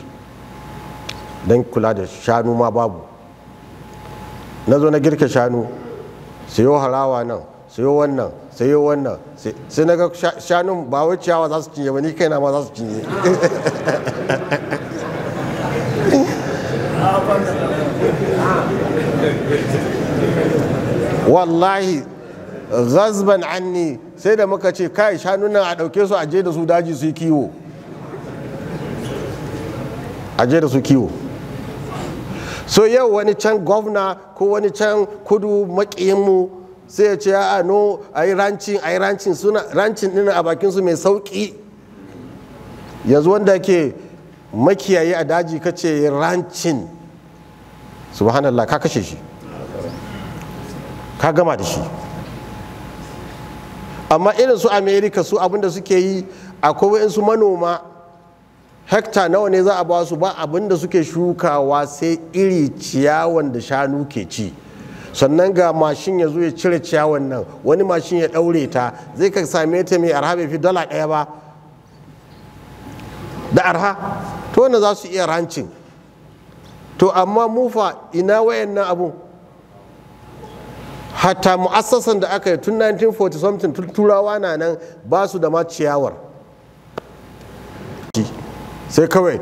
don kula da shanu ma babu na zo na girka shanu sayo harawa nan sayo wannan sayo wannan sai na ga shanun ba wai ciyawa za su cinye ba ni kaina ma za su cinye wallahi ghazban anni sai da muka ce kai shanu nan a ɗauke su aje da su daji su yi kiwo aje da su kiwo so yau wani can gwamna ko wani can kudu makiyinmu sai ya ce a ano a yi rancin a yi rancin suna rancin ɗin a bakinsu mai sauƙi yanzu wanda ke makiyayi a daji ka ce rancin subhanallah ka kashe shi ka gama da shi amma irin su Amerika, su abinda suke yi akwai waɗansu manoma hekta nawa ne za a ba su ba abinda suke shukawa sai iri ciyawan da shanu ke ci sannan ga mashin ya zo ya cire ciyawan nan wani mashin ya ɗaure ta zai ka same ta mai arha bai fi dala ɗaya ba da arha to wanda za su iya rancin to amma mufa ina wayannan abun hatta mu'assasan da aka yi tun 1940 something turawa na nan ba su da maciyawar. sai kawai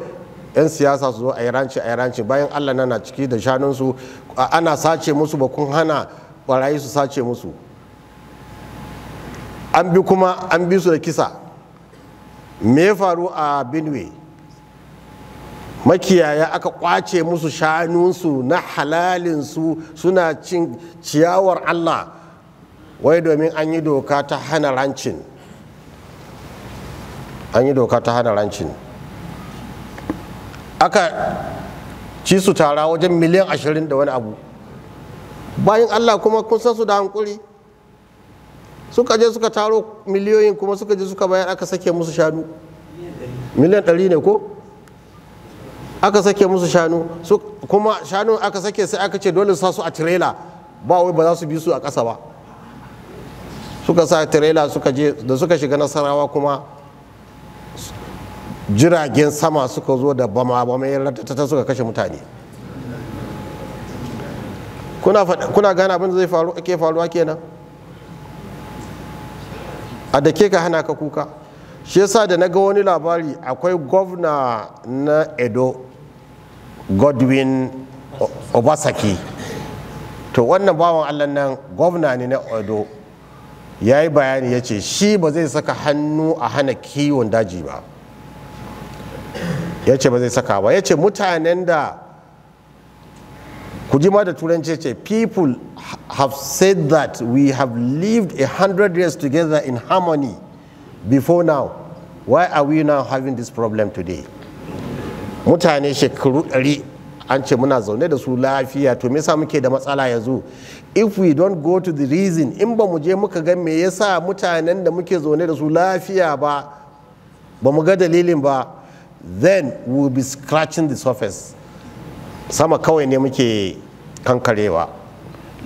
'yan siyasa su zo a yi ranci a yi ranci bayan allah na ciki da shanunsu ana sace musu ba kun hana barayi su sace musu an bi kuma an bi su da kisa me ya faru a benue makiyaya aka kwace musu shanunsu na halalinsu suna cin ciyawar allah wai domin an yi doka ta hana rancin an yi doka ta hana rancin aka ci su tara wajen miliyan ashirin da wani abu bayan allah kuma kun san su da hankuri suka je suka taro miliyoyin kuma suka je suka bayar aka sake musu shanu miliyan ɗari ne ko aka sake musu shanu su kuma shanu aka sake sai aka ce dole su su a tirela ba wai ba za su bi su a ƙasa ba suka sa tirela suka je da suka shiga nasarawa kuma jiragen sama suka zo da bama ba mai suka kashe mutane kuna gane abin da zai faru ake faruwa kenan a da ke ka hana ka kuka shi yasa da na ga wani labari akwai gwamna na edo godwin obasaki to wannan bawan allah nan governor ne na odo ya yi bayani ya ce shi ba zai saka hannu a hana kiwon daji ba ya ba zai saka ba ya mutanen da kujima da turanci people have said that we have lived a hundred years together in harmony before now why are we now having this problem today mutane shekaru ɗari an ce muna zaune da su lafiya to me yasa muke da matsala yanzu if we don't go to the reason in ba mu je muka ga me yasa mutanen da muke zaune da su lafiya ba ba mu ga dalilin ba then we we'll be scratching the surface sama kawai ne muke kankarewa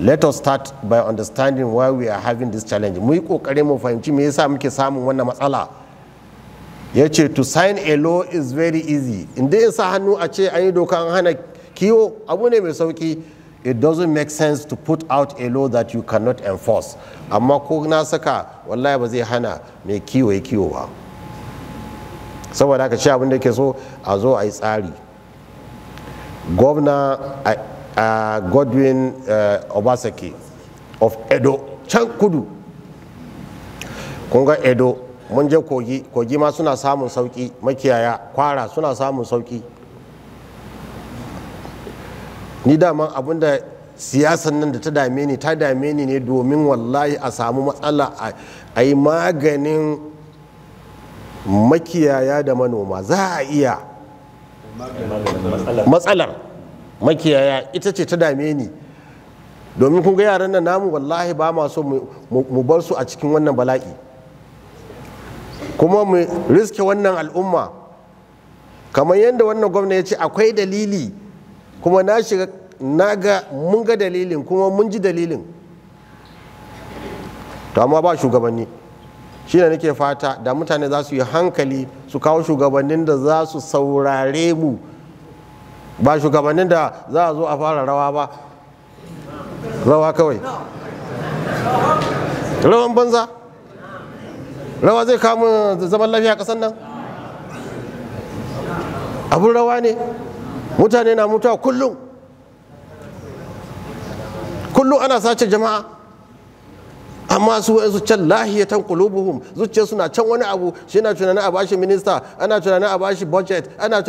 let us start by understanding why we are having this challenge mu yi kokari mu fahimci me yasa muke samun wannan matsala ya ce to sign a law is very easy inda in sa hannu a ce an yi doka an hana kiwo abu ne mai sauki it doesn't make sense to put out a law that you cannot enforce amma ko na saka wallahi ba zai hana mai kiwo ya kiwo ba saboda aka ce abin da ke so a zo a yi tsari uh, godwin eh, obasaki of edo can kudu kun edo mun je kogi kogi ma suna samun sauki makiyaya kwara suna samun sauki ni daman abinda siyasan nan da ta dame ni ta dame ni ne domin wallahi a samu matsala a yi maganin makiyaya da manoma za a iya matsalar makiyaya ita ce ta dame ni domin kun ga yaran nan namu wallahi ba ma so mu bar su a cikin wannan bala'i kuma mu riske wannan al'umma kamar yadda wannan gwamna ya ce akwai dalili kuma na shiga na ga mun ga dalilin kuma mun ji dalilin to amma ba shugabanni shi ne nake fata da mutane za su yi hankali su kawo shugabannin da za su saurare mu ba shugabannin da za a zo a fara rawa ba rawa kawai rawan banza rawa zai kama zaman lafiya a ƙasar nan abun rawa ne mutane na mutuwa kullum kullum ana sace jama'a amma su wa'insu can lahiyatan qulubuhum zuciya suna can wani abu shi na tunanin a bashi minista ana tunanin a bashi budget ana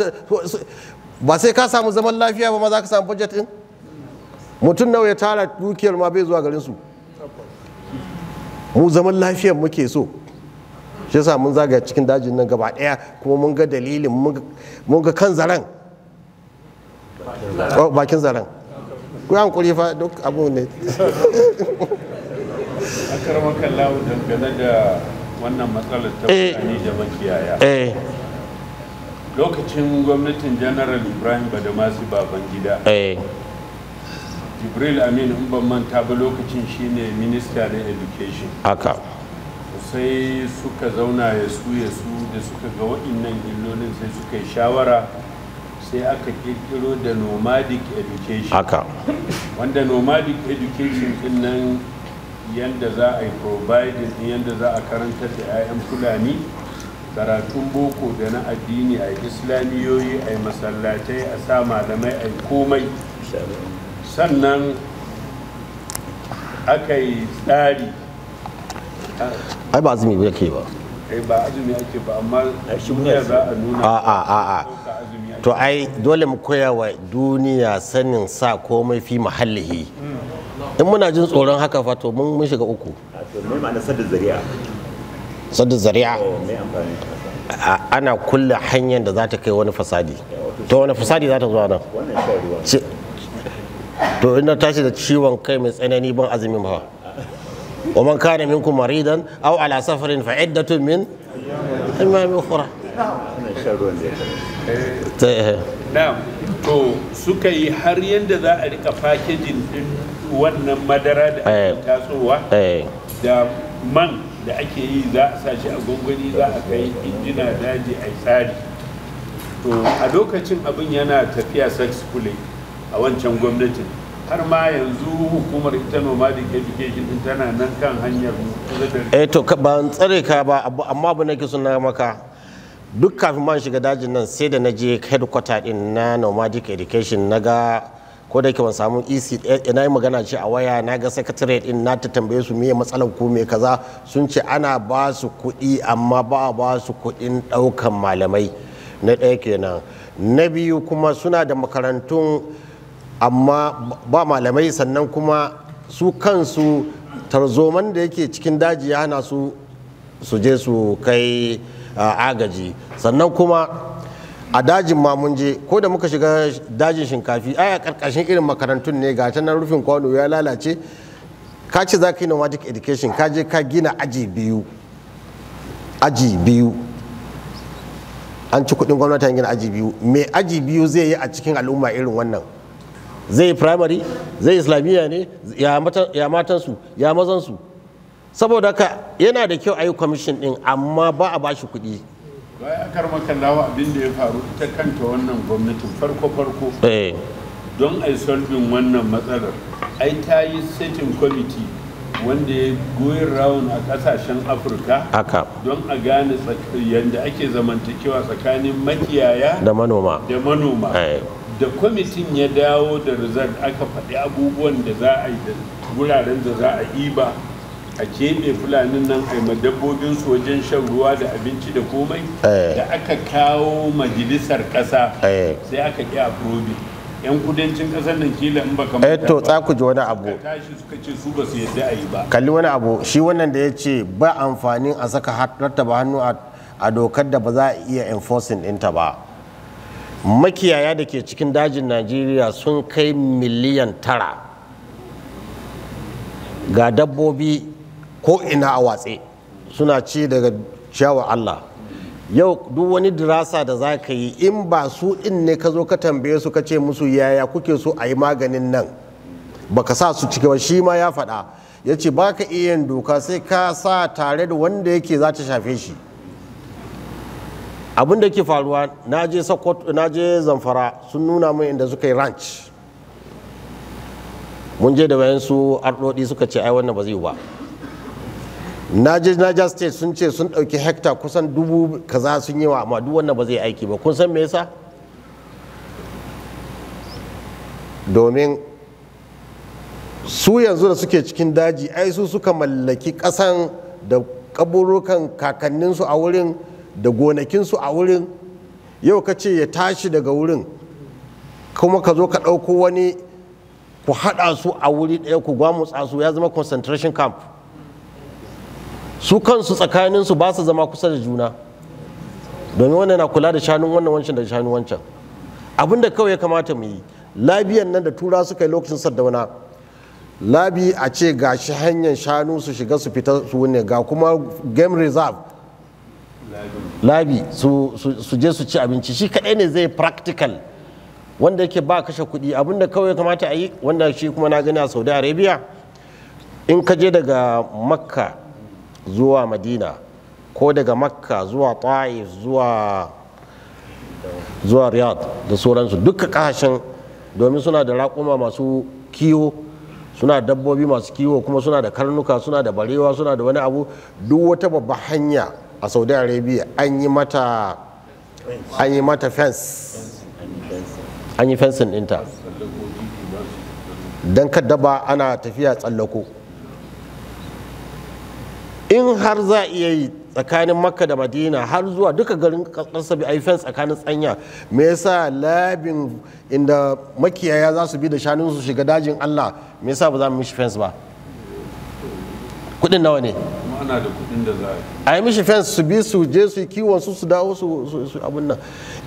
ba sai ka samu zaman lafiya ba ma za ka samu budget din mutum nawa ya tara dukiyar ma bai zuwa garin su mu zaman lafiyar muke so shi yasa mun zagaya cikin dajin nan gaba daya kuma mun ga dalilin mun ga kan zaren oh, bakin zaren ku an kuri fa duk abu ne karamar kallahu dangane da wannan matsalar ta mutane eh. da makiyaya eh. lokacin gwamnatin janaral ibrahim badamasi baban gida eh. jibril amin in ban manta ba lokacin shine minista na education sai suka zauna ya su ya su da suka ga waɗannan illolin sai suka yi shawara sai aka kirkiro da nomadic education Aka. wanda nomadic education din nan yadda za a yi providing yadda za a karantar da 'ya'yan fulani karatun boko da na addini a islamiyoyi a masallatai a sa malamai a komai sannan aka yi tsari ai ba azumi yake ba eh, ba azumi yake ba amma duniya za a nuna a a a a to ai dole mu koya wa duniya sanin sa komai fi mahallihi hmm. in muna jin tsoron haka fa to mun shiga uku sadda zari'a oh, ana kulle hanyar da za ta kai wani fasadi to wani fasadi za ta zuwa nan to ina tashi da ciwon kai mai tsanani ban azumin ba ومن كان منكم مريضا أو على سفر فعدة من أيام أخرى نعم to suka yi har yadda za a rika fakejin din wannan madara da ake eh. tasowa eh. da man da ake yi za a sa shi a gwangwani za a kai injina daji a tsari to a lokacin abin yana tafiya successfully a wancan gwamnatin har ma yanzu hukumar ita noma da ke fike din tana nan kan hanyar eh to ba tsare ka ba amma abu nake suna maka duk kafin ma shiga dajin nan sai da na je headquarter din na nomadic education na ga ko da ke ban samu EC eh, na yi magana ce a waya na ga secretariat din na ta tambaye su meye matsalar ku me kaza sun ce ana ba su kuɗi amma ba ba su kuɗin ɗaukan malamai na ɗaya kenan na biyu kuma suna da makarantun amma ba malamai sannan kuma su kansu tarzoman da yake cikin daji ya hana su su je su kai agaji sannan kuma a dajin ma mun ko da muka shiga dajin shinkafi aya karkashin irin makarantun ne ga ta nan rufin kwano ya lalace ka ce za ka yi nomadic education ka je ka gina aji biyu aji biyu an ci kudin gwamnati gina aji biyu me aji biyu zai yi a cikin al'umma irin wannan zai primary zai islamiyya ne ya matansu ya mazansu saboda ka yana da kyau a yi kwamishin din amma ba a bashi kuɗi ya karmakan lawa abin da ya faru ta kanta wannan gwamnatin farko-farko eh. don a solving wannan matsalar ai ta yi setting committee wanda ya goyi rawun a kasashen afirka don a gane yadda ake zamantakewa tsakanin makiyaya da manoma da manoma eh. da kwamitin ya dawo da result aka faɗi abubuwan da za a yi da wuraren da za a yi ba a keɓe fulanin nan a yi dabbobinsu wajen shan ruwa da abinci da komai eh. da aka kawo majalisar ƙasa eh. sai aka ƙi a probe yan kudancin ƙasar nan kila in baka eh, mata to tsaku ji wani abu suka ce su ba su yadda a yi ba kalli wani abu shi wannan da ya ce ba amfanin a saka rattaba hannu a dokar da ba za a iya enforcing ɗinta ba makiyaya da ke cikin dajin najeriya sun kai miliyan tara ga dabbobi ko ina a watse suna ci daga ciyawa allah yau duk wani dirasa da za ka yi in ba su in ne ka zo ka tambaye su ka ce musu yaya kuke so a yi maganin nan baka sa su cikin shi ma ya faɗa ya ce ba ka iya yin doka sai ka sa tare da wanda yake za ta shafe shi abin da ke faruwa na je zamfara sun nuna min inda suka yi ranch mun je da wayansu arɗoɗi suka ce ai wannan ba zai ba na je naja state sun ce sun ɗauki hekta kusan dubu kaza sun yi wa amma duk wannan ba zai aiki ba kun san me yasa domin su yanzu da suke cikin daji ai su suka mallaki kasan da kaburukan kakanninsu a wurin da gonakinsu a wurin yau ka ce ya tashi daga wurin kuma ka zo ka ɗauko wani ku haɗa su a wuri ɗaya ku gwamutsa su ya zama concentration camp su kansu tsakaninsu ba su zama kusa da juna domin wannan na kula da shanun wannan wancan da shanun wancan abin da kawai ya kamata mu yi labiyan nan da tura suka yi lokacin sardauna labi a ce ga shi hanyar shanu su shiga su fita su wune ga kuma game reserve labi su je su ci abinci shi kadai ne zai practical wanda yake ba kashe kuɗi abinda kawai kamata a yi wanda shi kuma na gani a saudi arabia in ka je daga makka zuwa madina ko daga makka zuwa ta'if zuwa zuwa riyadh da sauransu duka kasashen domin suna da raƙuma masu kiwo suna dabbobi masu kiwo kuma suna da karnuka suna da barewa suna da wani abu duk wata babbar hanya a saudi arabia an yi mata an yi mata fence an yi fensin ɗinta don kaddaba ana tafiya tsallako in har za iya yi tsakanin makka da madina har zuwa duka garin kasar bi ai fence tsakanin tsanya me yasa labin inda makiyaya za su bi da shanun su shiga dajin allah me yasa ba za mu mishi fence ba kudin nawa ne ana da kudin a yi mishi fence su bi su je su kiwon su su dawo su abun nan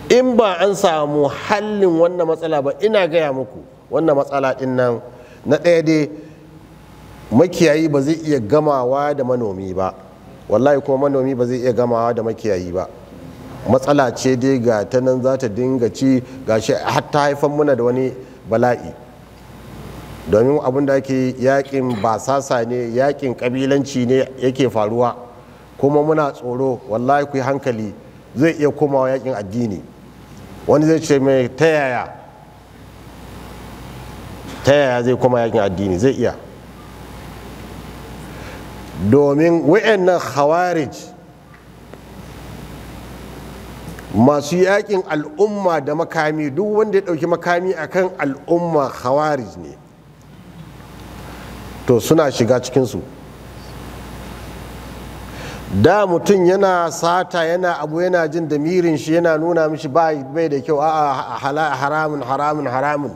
in ba an samu hallin wannan matsala ba ina gaya muku wannan matsala din nan na ɗaya dai makiyayi ba zai iya gamawa da manomi ba wallahi kuma manomi ba zai iya gamawa da makiyayi ba matsala ce dai ga ta nan za ta dinga ci gashi hatta haifan muna da wani bala'i domin abin da ake yakin basasa ne yakin kabilanci ne yake faruwa kuma muna tsoro wallahi ku hankali zai iya komawa yakin addini wani zai ce mai ta yaya ta yaya zai koma yakin addini zai iya domin wa'annan khawarij masu yakin al'umma da makami duk wanda ya ɗauki makami akan al'umma khawarij ne to suna shiga cikinsu da mutum yana sata yana abu yana jin da mirin shi yana nuna mishi bai da kyau a haramun haramun haramun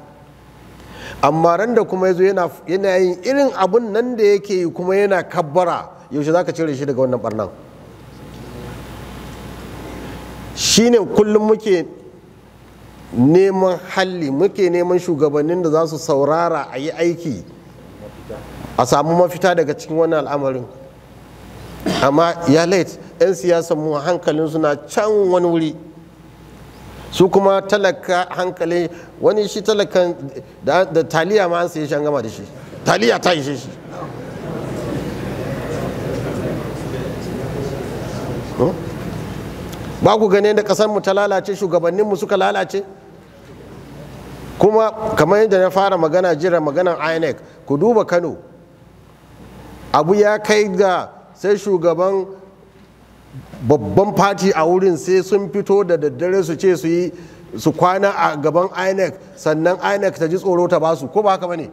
amma ran da kuma yazo yana yin irin abun nan da yake yi kuma yana kabbara yaushe za ka cire shi daga wannan barnan ne kullum muke neman halli muke neman shugabannin da za su saurara a yi aiki a samu mafita daga cikin wannan al'amarin amma ya lait 'yan siyasan mu hankalin suna can wani wuri su kuma talaka hankali wani shi talakan da taliya ma an sai shi an gama da shi taliya ta ishe shi hmm? ba ku gane da kasanmu mu ta lalace shugabannin mu suka lalace kuma kamar yadda na fara magana jiran magana inec ku duba kano abu ya kai ga sai shugaban babban fati a wurin sai sun fito da daddare su ce su yi su kwana a gaban inec sannan inec ta ji tsoro ta ba su. ko ba haka bane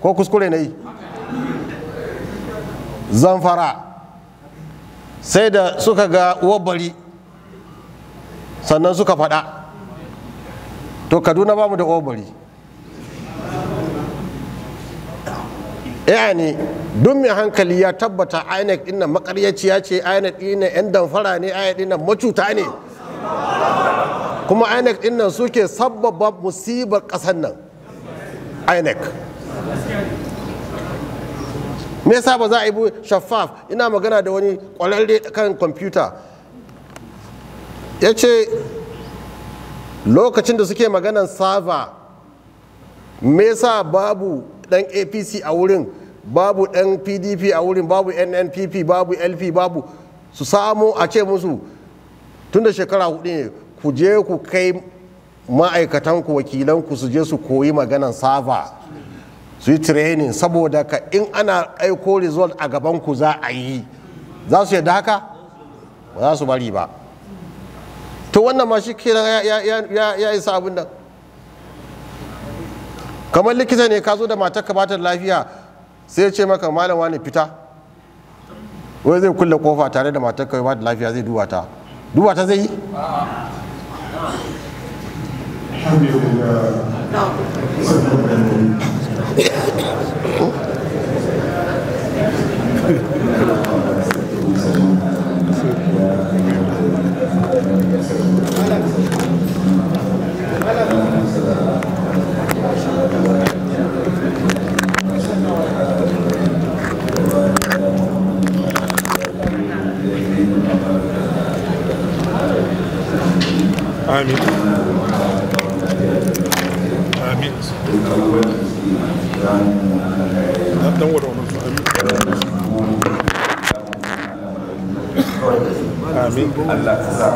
ko kuskure na yi zamfara sai da suka ga wabari sannan suka faɗa to kaduna ba mu da wabari yani duk mai hankali ya tabbata inec din nan ya ce inec din nan yan damfara ne inec din nan macuta ne kuma inec din nan suke sabbaba musibar kasar nan inec me yasa ba za a yi shaffaf ina magana da wani kwararre kan kwamfuta ya ce lokacin da suke maganan sava me yasa babu dan apc a wurin babu dan pdp a wurin babu nnpp babu lp babu su samu a ce musu tunda shekara hudu ne ku je ku kai ma'aikatan wakilan wakilanku su je su koyi maganan sava su yi training saboda ka in ana aiko result a gaban ku za a yi za su yadda haka ba za su bari ba to wannan ma shi ya isa abin nan kamar likita ne ka zo da matar ka lafiya sai ce maka malam wani fita wai zai kulle kofa tare da matar ka bata lafiya zai duba ta duba ta zai yi Amin. Amin. amin. Amin. Allah ka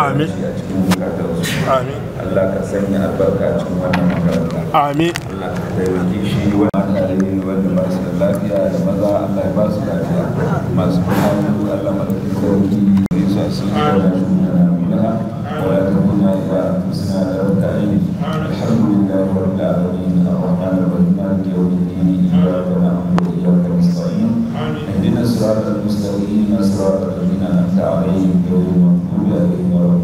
Amin. Amin. Amin. sanya albarka cikin wannan makaranta. Amin. Allah ka taimake shi marari wanda ba su da lafiya da maza Allah ya ba su lafiya masu fahimtu Allah madaukin sarki ne su a sun da su mina wala ta kuna ila suna da rabta aini alhamdulillah wa rabbil alamin arrahman arrahim maliki yawmid din iyyaka na'budu wa iyyaka nasta'in ihdina siratal mustaqim siratal ladzina an'amta alaihim ghayril maghdubi alaihim wa